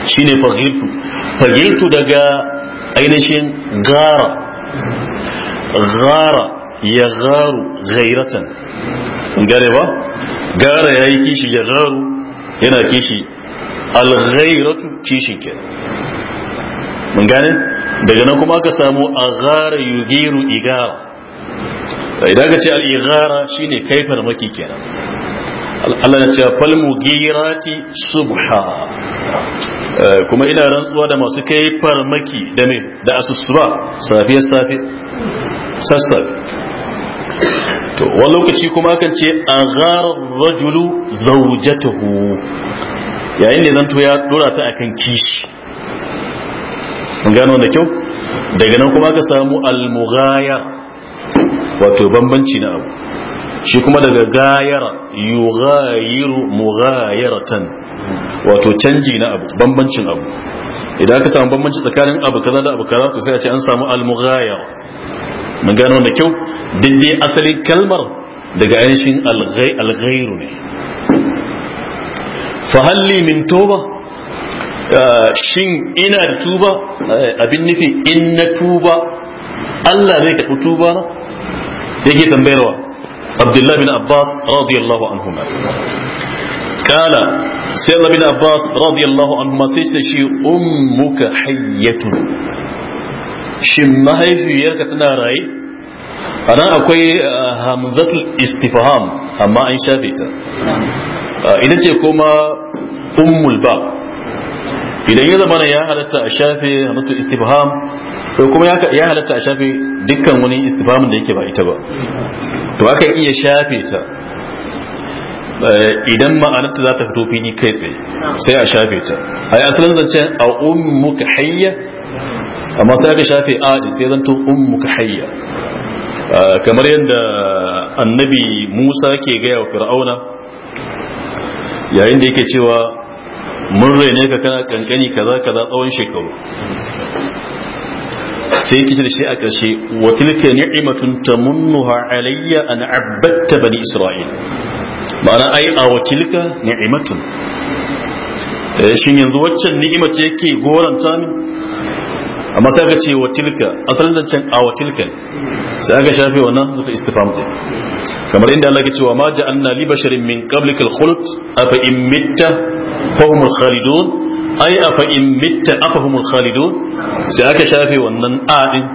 shine faghiltu fagitu daga ainihin gara gara ya garu gairatan gare ba gara ya yi kishi ya zaru yana kishi alghairatu kishin ke mun gane daga nan kuma aka samu a azara yugiru igara idan ka ce al-igara shine kaifar maki kenan Allah ya ce fal mugirati subha Eh, kuma ina rantsuwa da masu kai farmaki da me da asusuba safiyar safe to wani lokaci kuma kan ce a gharar rajulu zaujatahu yayin da zanto ya dora ta akan kishi mun gano da kyau daga nan kuma ka samu almughaya wato bambanci na abu shi kuma daga gayara yughayiru mughayaratan wato canji na abu bambancin abu idan aka samu bambanci tsakanin abu kaza da abu kaza to sai a ce an samu al-mughayar mun gano da kyau daidai asalin kalmar daga ainihin al ghayr ne fa halli min toba ah, shin ina da tuba eh, abin nufi in na tuba Allah zai ka tuba na yake tambayarwa Abdullahi bin Abbas radiyallahu anhu ma kala sai Allah bin Abbas radiyallahu anhu sai da shi ummuka hayyatu shin mahaifiyarka tana raye Ana akwai uh, hamzatul istifham amma an shafe ta uh, ita ce kuma ummul bab idan ya zama ya halatta a shafe hamzatul istifham sai kuma ya halatta a shafe dukkan wani istifhamin da yake ba ita ba to aka iya shafe ta Eh, idan ma'anarta za ta fito fili kai tsaye sai a shafe ta a yi asalin zancen a ummuka hayya amma sai aka shafe a sai zanto ummuka hayya eh, kamar yadda annabi musa ke gaya wa fir'auna yayin da yake cewa mun raine ka kana kankani kaza kaza tsawon shekaru sai kici da shi a ƙarshe wa tilka ni'matun tamunnuha alayya an abatta bani isra'il ma'ana ai a wakilka ni'imatun eh, shin yanzu waccan ni'ima ce yake goranta min amma sai aka ce wakilka asalin zancen a wakilka ne sai aka shafe wannan zufa istifam din kamar inda Allah ke cewa ma ja'anna li basharin min qablika al-khuld afa in mitta fa humul khalidun ai afa in mitta afa humul khalidun sai aka shafe wannan a din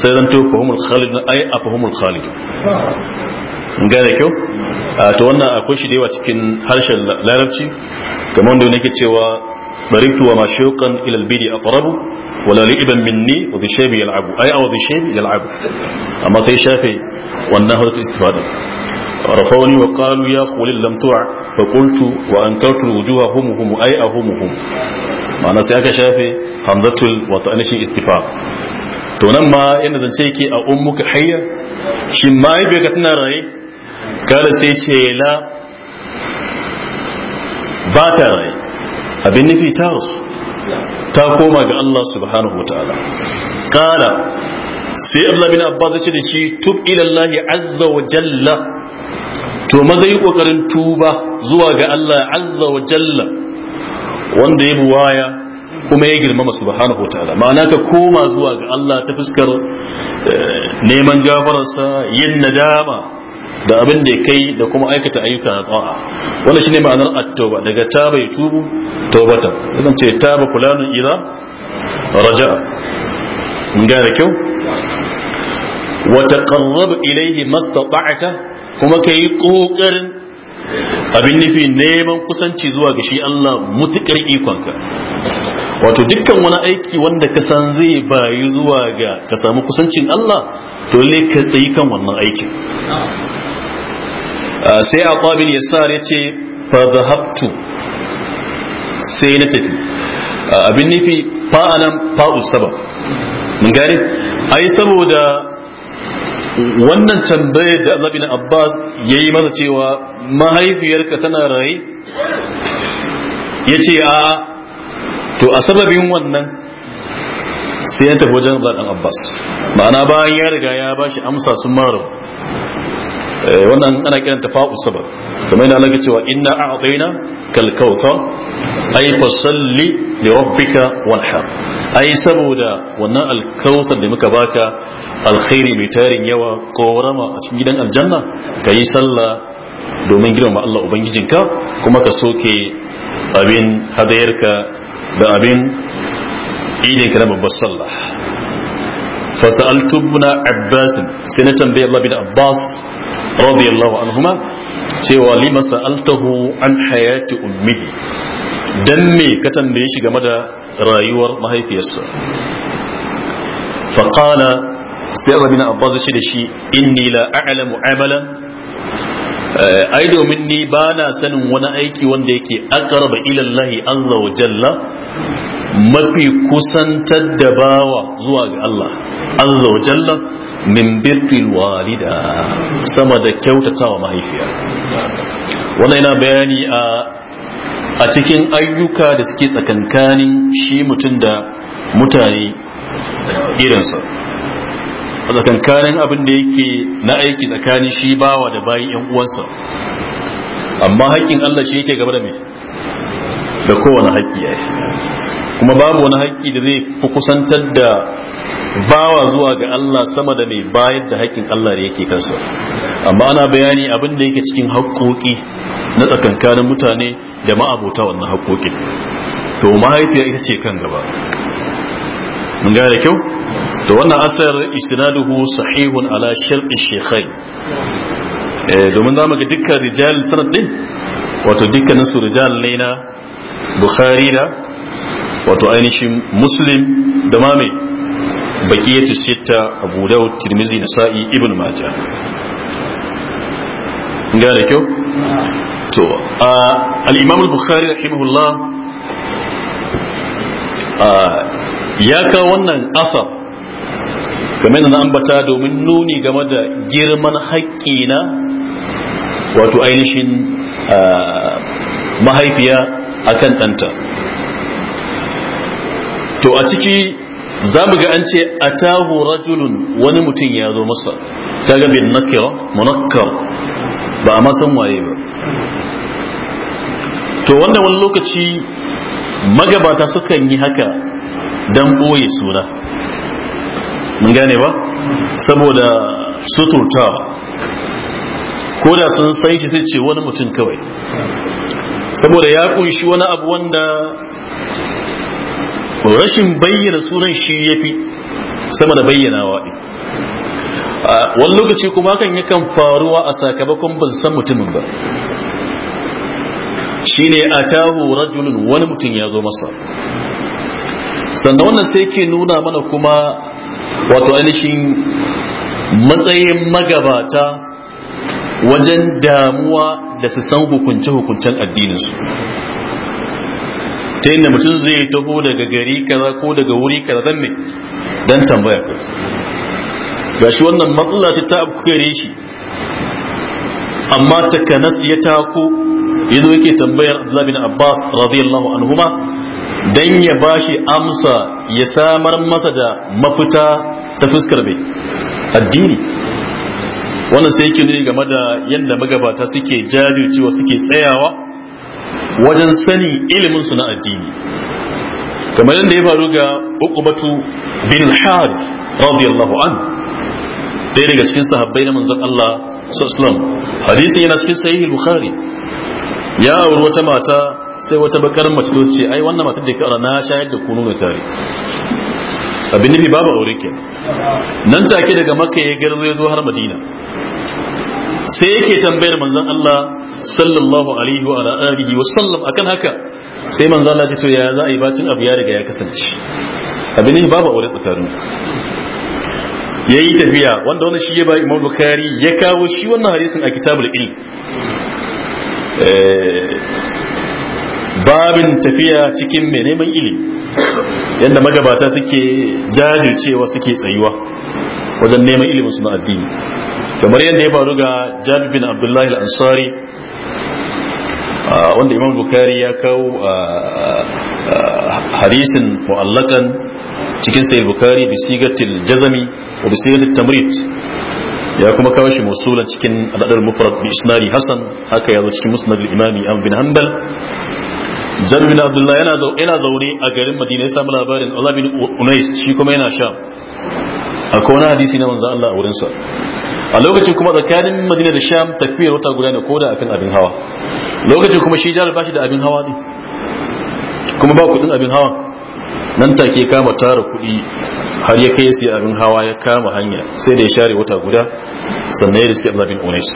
sai zanto fa humul khalidun ai afa humul khalidun gane kyau to akwai shi dewa cikin harshen larabci kamar cewa baritu wa albidi aqrabu wala li ibn minni wa aka shafe hamzatul wa ta anashi yake a hayya shin mai tana raye kala sai ce la ba ta rai abin nufi ta rasu ta koma ga Allah subhanahu wa ta'ala kala sai Allah bin Abbas ce da shi tub ila Allah azza wa jalla to maza yi kokarin tuba zuwa ga Allah azza wa jalla wanda ya buwaya kuma ya girmama subhanahu wa ta'ala ma'ana ka koma zuwa ga Allah ta fuskar eh, neman gafararsa yin nadama da abin da ya kai da kuma aikata ayyuka na tsawa wannan shine ma'anar at-tauba daga taba ya tubu taubata zan ce taba kulanu ira raja'a in ga da kyau wa taqarrab ilayhi mastata'ta kuma kai kokarin abin nufi neman kusanci zuwa ga shi Allah mutukar ikonka wato dukkan wani aiki wanda ka san zai bayu zuwa ga ka samu kusancin Allah to ka tsayi kan wannan aikin Ah, sai a ya sa yace fa dhahabtu sai na tafi ah, abin nufi fa anan fa usaba mun gane ai saboda wannan tambayar da Allah Abbas ya yi masa cewa mahaifiyarka tana raye ya ce a to a sababin wannan sai ya tafi wajen Allah Abbas ma'ana bayan ya riga ya bashi amsa sun mara Eh, wannan ana kiran ta fa'u sabab kamar yana laka cewa inna a'taina kal kautsar ay fasalli li rabbika ai saboda wannan alkautsar da muka baka alkhairi mai tarin yawa ko rama a cikin gidan aljanna kayi sallah domin girmama Allah ubangijinka kuma ka soke abin hadayarka da abin idinka na babbar sallah fasa'altu ibn abbas sai na tambaye Allah bin abbas radiyallahu anhuma cewa lima sa'altahu an hayati ummihi dan me ka tambaye shi game da rayuwar mahaifiyarsa faqala sai rabbi na abbas shi da shi inni la a'lamu amalan eh, ai domin ni ba na sanin wani aiki wanda yake aqraba ila Allah azza wa jalla mafi kusantar da bawa zuwa ga Allah azza wa jalla min birril walida sama da kyautata wa mahaifiya wannan yana bayani a a cikin ayyuka da suke tsakankanin shi mutum da mutane irinsa a tsakankanin abin da yake na aiki tsakanin shi bawa da bayan yan uwansa amma haƙƙin Allah shi yake gaba da mai da kowane haƙƙi ya kuma babu wani haƙƙi da zai fi kusantar da bawa zuwa ga Allah sama da mai bayar da haƙƙin Allah da yake kansa amma ana bayani abin da yake cikin haƙƙoƙi na tsakankanin mutane da ma'abota wannan haƙƙoƙin to mahaifiya ita ce kan gaba mun ga da kyau to wannan asar istinaduhu sahihun ala shar'i shekhai eh, domin zamu ga dukkan rijal sanad din wato dukkanin su rijal ne na bukhari da wato ainihin muslim da ma mai baqiyatu sitta abu daud tirmizi nasa'i ibn majah ga kyau to al-imam al-bukhari rahimahullah ya kawo wannan asar game da na ambata domin nuni game da girman haƙƙi na wato ainihin mahaifiya akan ɗanta to a ciki za mu ga an ce a tahu rajulun wani mutum ya zo masa ta ga bin nakira munakkar ba a masan waye ba to wannan wani lokaci magabata sukan yi haka don ɓoye suna mun gane ba saboda suturta ko da sun san shi sai ce wani mutum kawai saboda ya kunshi wani abu wanda rashin bayyana sunan shi yafi sama da bayyanawa wani lokaci kuma hakan yakan faruwa a sakamakon ban san mutumin ba shine atahu rajulun wani mutum ya zo masa sannan wannan sai ke nuna mana kuma wato ainihin matsayin magabata wajen damuwa da su san hukunce-hukuncen addininsu ta yadda mutum zai taho daga gari kaza ko daga wuri kaza dan me dan tambaya ga shi wannan matsala ce ta abu gare shi amma takanas ya tako zo yake tambayar Abdullahi bin Abbas radiyallahu anhuma dan ya ba shi amsa ya samar masa da mafita ta fuskar bai addini wannan sai yake ne game da yadda magabata suke jajircewa suke tsayawa wajen sani ilimin su na addini kamar yadda ya faru ga uqbatu bin harith radiyallahu an ɗaya daga cikin sahabbai na manzon Allah sallallahu hadisin yana cikin sahih bukhari ya auri wata mata sai wata bakar mace ta ce ai wannan matar da ka na shayar da kunu da tare abin nufi babu aure kenan nan take daga makka ya garzo ya zo har madina sai yake tambayar manzon Allah sallallahu alaihi wa alihi wa sallam akan haka sai manzon Allah ya ce ya za a yi bacin abu ya riga ya kasance abin ne babu aure tsakanin yayi tafiya wanda wannan shi ya ba Imam Bukhari ya kawo shi wannan hadisin a kitabul ilm eh, babin tafiya cikin mai neman ilimi yadda magabata suke jajircewa suke tsayuwa wajen neman ilimin suna addini kamar yadda ya faru ga jabir bin abdullahi al-ansari wanda imam bukari ya kawo hadisin mu'allakan cikin sai bukari bi sigatil jazami wa bi sigatil tamrid ya kuma kawo shi musulan cikin adadar mufrad bi isnari hasan haka ya zo cikin musnad imami am bin hanbal jabir bin abdullahi yana yana zaune a garin madina ya samu labarin Allah bin unais shi kuma yana sha akwai wani hadisi na manzo Allah a wurinsa a lokacin kuma tsakanin madina da sham tafiyar wata guda ne koda akan abin hawa lokacin kuma shi jihar bashi da abin hawa ne kuma ba kudin abin hawa nan take kama tara kudi har ya kai sai abin hawa ya kama hanya sai da ya share wata guda sannan ya riske abin onis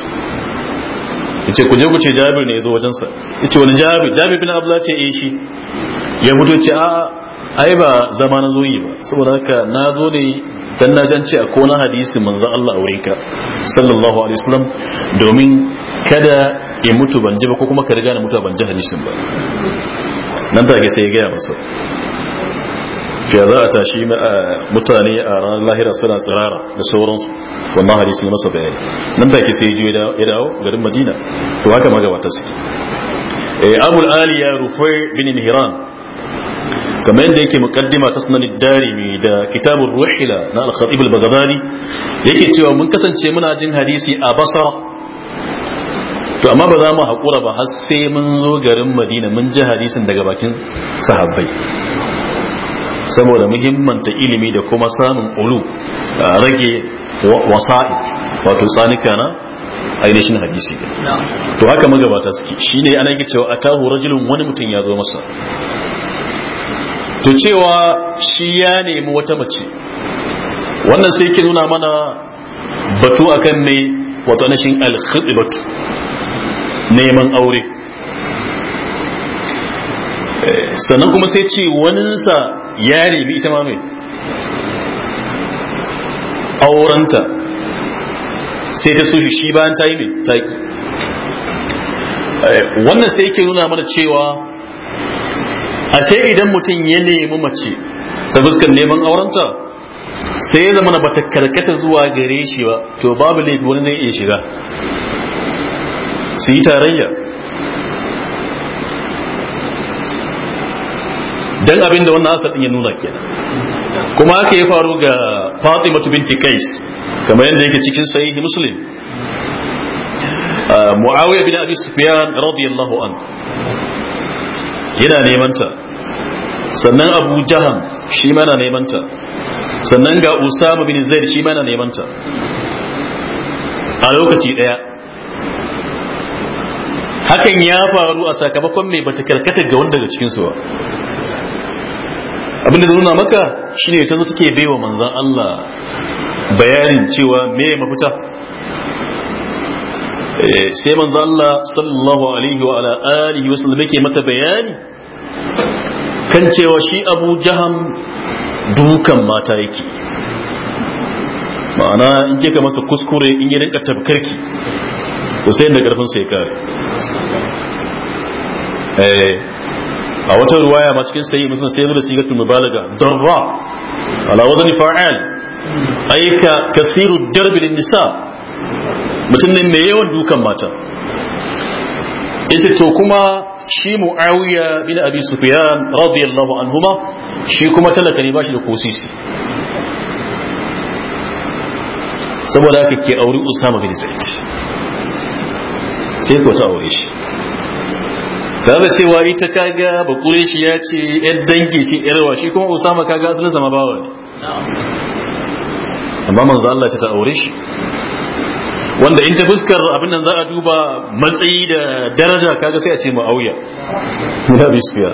yace ku je ku ce jabir ne yazo wajensa yace wani jabir jabir bin abdullah ce eh shi ya fito ce a ai ba zama na zo yi ba saboda haka na zo ne dan na jance ce a kona hadisi manzo Allah aure ka sallallahu alaihi wasallam domin kada in mutu ban ji ba ko kuma ka riga na mutu ban ji hadisin ba nan ke sai ya gaya masa ya za a tashi mutane a ranar lahira suna tsirara da sauransu wannan hadisi na masa bayani nan ke sai ya dawo garin madina to haka magabata suke eh, abul ali ya rufai bin hiran kamar yadda yake mukaddima ta sunan darimi da kitabun ruhila na al-khatib al yake cewa mun kasance muna jin hadisi a basar. to amma ba za mu haƙura ba har mun zo garin madina mun ji hadisin daga bakin sahabbai saboda muhimmanta ilimi da kuma samun ulu rage wasa'i wato tsanika na ainihin hadisi to haka magabata suke shine ana yake cewa atahu rajulun wani mutum ya zo masa to cewa shi ya nemi wata mace wannan sai ke nuna mana batu akan ne wato nashin batu neman aure sannan kuma sai ce waninsa ya nemi ita ma mai aurenta sai ta sushi shi bayan ta yi mai taiki eh, wannan sai ke nuna mana cewa ashe idan mutum ya nemi mace ta fuskar neman aurenta sai ya zama bata karkata zuwa gare shi ba to babu laifi wani ne iya shiga su yi tarayya dan abin da wannan asar ya nuna kenan kuma haka ya faru ga Fatima binti Qais kamar yadda yake cikin sahihi Muslim ah, Muawiya bin Abi Sufyan radiyallahu anhu yana neman ta sannan abu jaham shi mana neman ta sannan ga usama bin zaid shi mana neman ta a lokaci daya hakan ya faru a sakamakon mai bata karkata ga wanda daga cikin ba abinda da nuna maka shine ta zo take baiwa manzan Allah bayanin cewa me mafita eh, sai manzan Allah sallallahu alaihi wa ala alihi wasallam yake mata bayani kan cewa shi abu jaham dukan mata yake ma'ana in kika masa kuskure in yi rinka tafkarki usain da karfin sai kare eh, a wata ruwaya ma cikin sa'i musulun sai zura sigatul mubalaga darra ala wazni fa'al aika kasiru lin nisa mutum ne mai yawan dukan mata yace to kuma shi muawiya bin abi sufyan radiyallahu anhuma shi kuma talaka ne bashi da kosisi saboda haka ke auri usama bin zaid sai ko ta aure shi kaga cewa ita kaga bakure shi ya ce yan dangi shi yarwa shi kuma usama kaga asalin zama bawa ne amma manzo Allah ta aure shi wanda in ta fuskar abin nan za a duba matsayi da daraja kaga sai a ce ma'auya Ya biskiya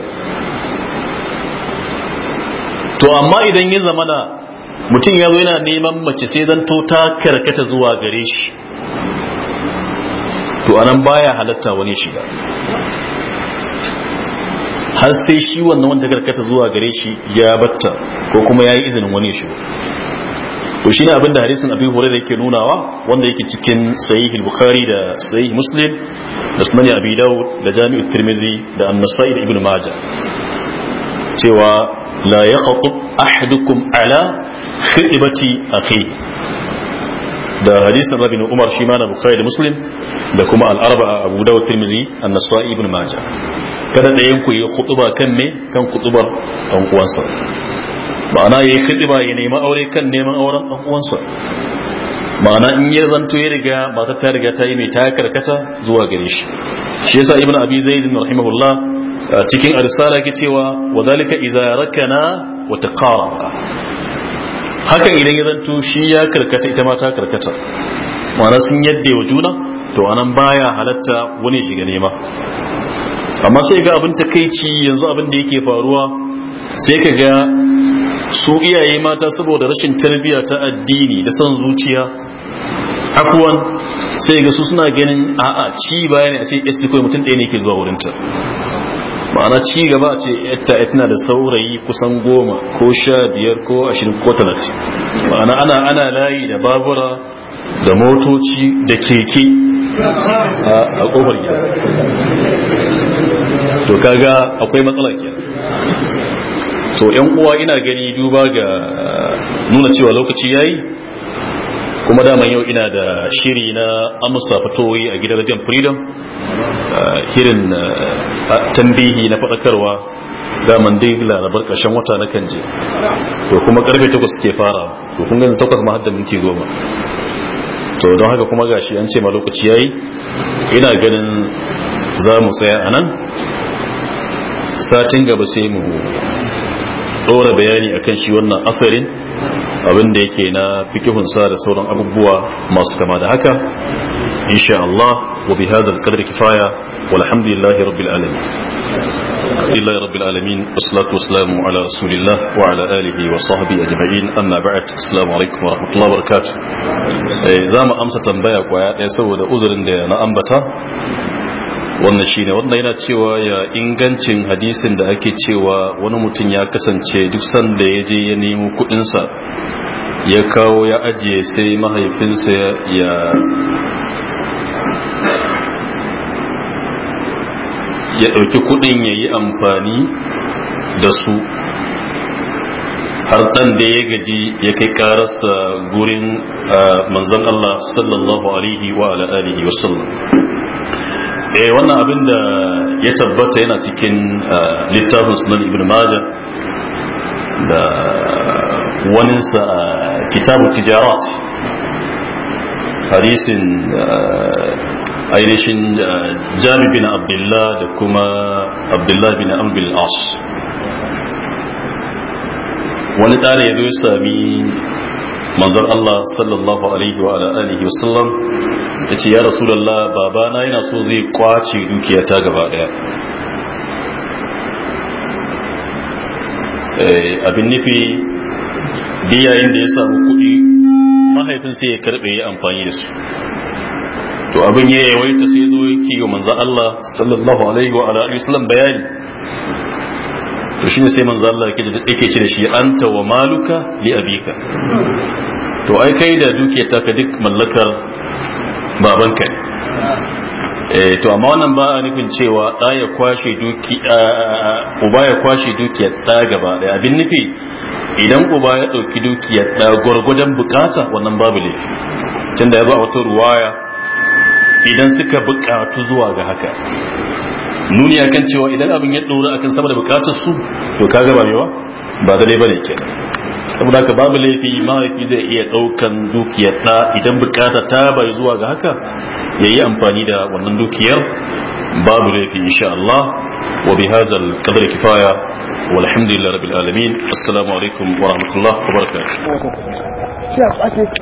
to amma idan ya zama na mutum ya zo yana neman mace sai zan to ta karkata zuwa gare shi to anan baya halatta wani shiga har sai shi wannan wanda karkata zuwa gare shi ya batta ko kuma ya yi izinin wani shiga to shine abin da hadisin Abi Hurairah yake nunawa wanda yake cikin Sahih Bukhari da Sahih Muslim da Sunan Abi Dawud da Jami'u Tirmidhi da An-Nasa'i da Ibn Majah cewa la yakhtub ahadukum ala khitbati akhi da hadisin Rabin Umar shi ma na Bukhari da Muslim da kuma al-Arba'a Abu Dawud Tirmidhi An-Nasa'i ibnu Majah kada da yanku yi khutuba kan me kan khutubar dan uwansa ma'ana ya yi ya nemi aure kan neman auren ɗan uwansa ma'ana in ya zanto ya riga ba ta riga ta yi mai ta karkata zuwa gare shi shi yasa ibnu abi zaid A cikin arsala ke cewa wa zalika na rakana wa taqaraba hakan idan ya zanto shi ya karkata ita ma ta karkata ma'ana sun yadda wa juna to anan baya halatta wani shiga nema amma sai ga abin takaici yanzu abin da yake faruwa sai ka ga su iyaye mata saboda rashin tarbiyya ta addini da son zuciya akwai sai ga su suna ganin a'a ci baya ne a ce yasi kawai mutum ɗaya ne ke zuwa wurinta ma'ana ci gaba a ce yatta tana da saurayi kusan goma ko sha biyar ko ashirin ko talatin ma'ana ana ana layi da babura da motoci da keke a kofar gida to kaga akwai matsala kenan To yan uwa ina gani duba ga nuna cewa lokaci yayi kuma daman yau ina da shiri na amsa fatoyi a gidan radio freedom hirin tambihi na faɗakarwa daman dai larabar ƙarshen wata na kanje to kuma karfe takwas suke fara to kun gani takwas ma hadda minti goma to don haka kuma gashi an ce ma lokaci yayi ina ganin za mu tsaya a nan satin gaba sai mu ɗora bayani a kan shi wannan asarin abin da yake na fikihunsa da sauran abubuwa masu kama da haka insha Allah wa bi hadha al-qadr kifaya walhamdulillahi rabbil alamin alhamdulillahi rabbil alamin wassalatu wassalamu ala rasulillah wa ala alihi wa sahbihi ajma'in amma ba'd assalamu alaikum wa rahmatullahi wa barakatuh eh mu amsa tambaya kwaya ɗaya saboda uzurin da na ambata wannan shine wannan yana cewa ya ingancin hadisin da ake cewa wani mutum ya kasance duk sanda ya je ya nemo kudinsa ya kawo ya ajiye sai mahaifinsa ya ya ɗauki kudin ya yi amfani da su har ɗan da ya gaji ya kai ƙararsa gurin ah, manzan Allah sallallahu alaihi wa alihi wasallam eh wannan abin da ya tabbata yana cikin eh, littafin sunan ibn majah da waninsa eh, kitabu tijarat hadisin eh, ainihin jami bin abdullah da kuma abdullah bin ambil as wani tsari ya zo sami manzon Allah sallallahu alaihi wa alihi wasallam yace ya rasulullah babana yana so zai kwace dukiyata gaba daya eh, abin nufi biyayen da ya samu kuɗi mahaifin sai ya karɓe ya amfani da su to abin ya yawaita sai zo yake ga manzo Allah sallallahu alaihi wa alihi wasallam bayani to shine sai manzo Allah yake yake ce da shi anta wa maluka li abika to ai kai da duke ta ka duk mallakar babanka ne eh, to amma wannan ba a nufin cewa ɗa ya kwashe duki uba ya kwashe dukiyar ɗa gaba ɗaya abin nufi idan uba ya ɗauki dukiyar ɗa gwargwadon bukata wannan babu laifi tunda ya ba wata ruwaya idan suka bukatu zuwa ga haka nuni akan cewa idan abin ya dora akan sama da bukatar su to kaga ba mewa ba ba bane kenan saboda haka babu laifi mahaifi zai iya daukan dukiyar ɗa idan bukata ta bai zuwa ga haka yayi amfani da wannan dukiyar babu laifi insha Allah wa bi hadzal qadri kifaya walhamdulillahi rabbil alamin assalamu alaikum wa rahmatullahi wa barakatuh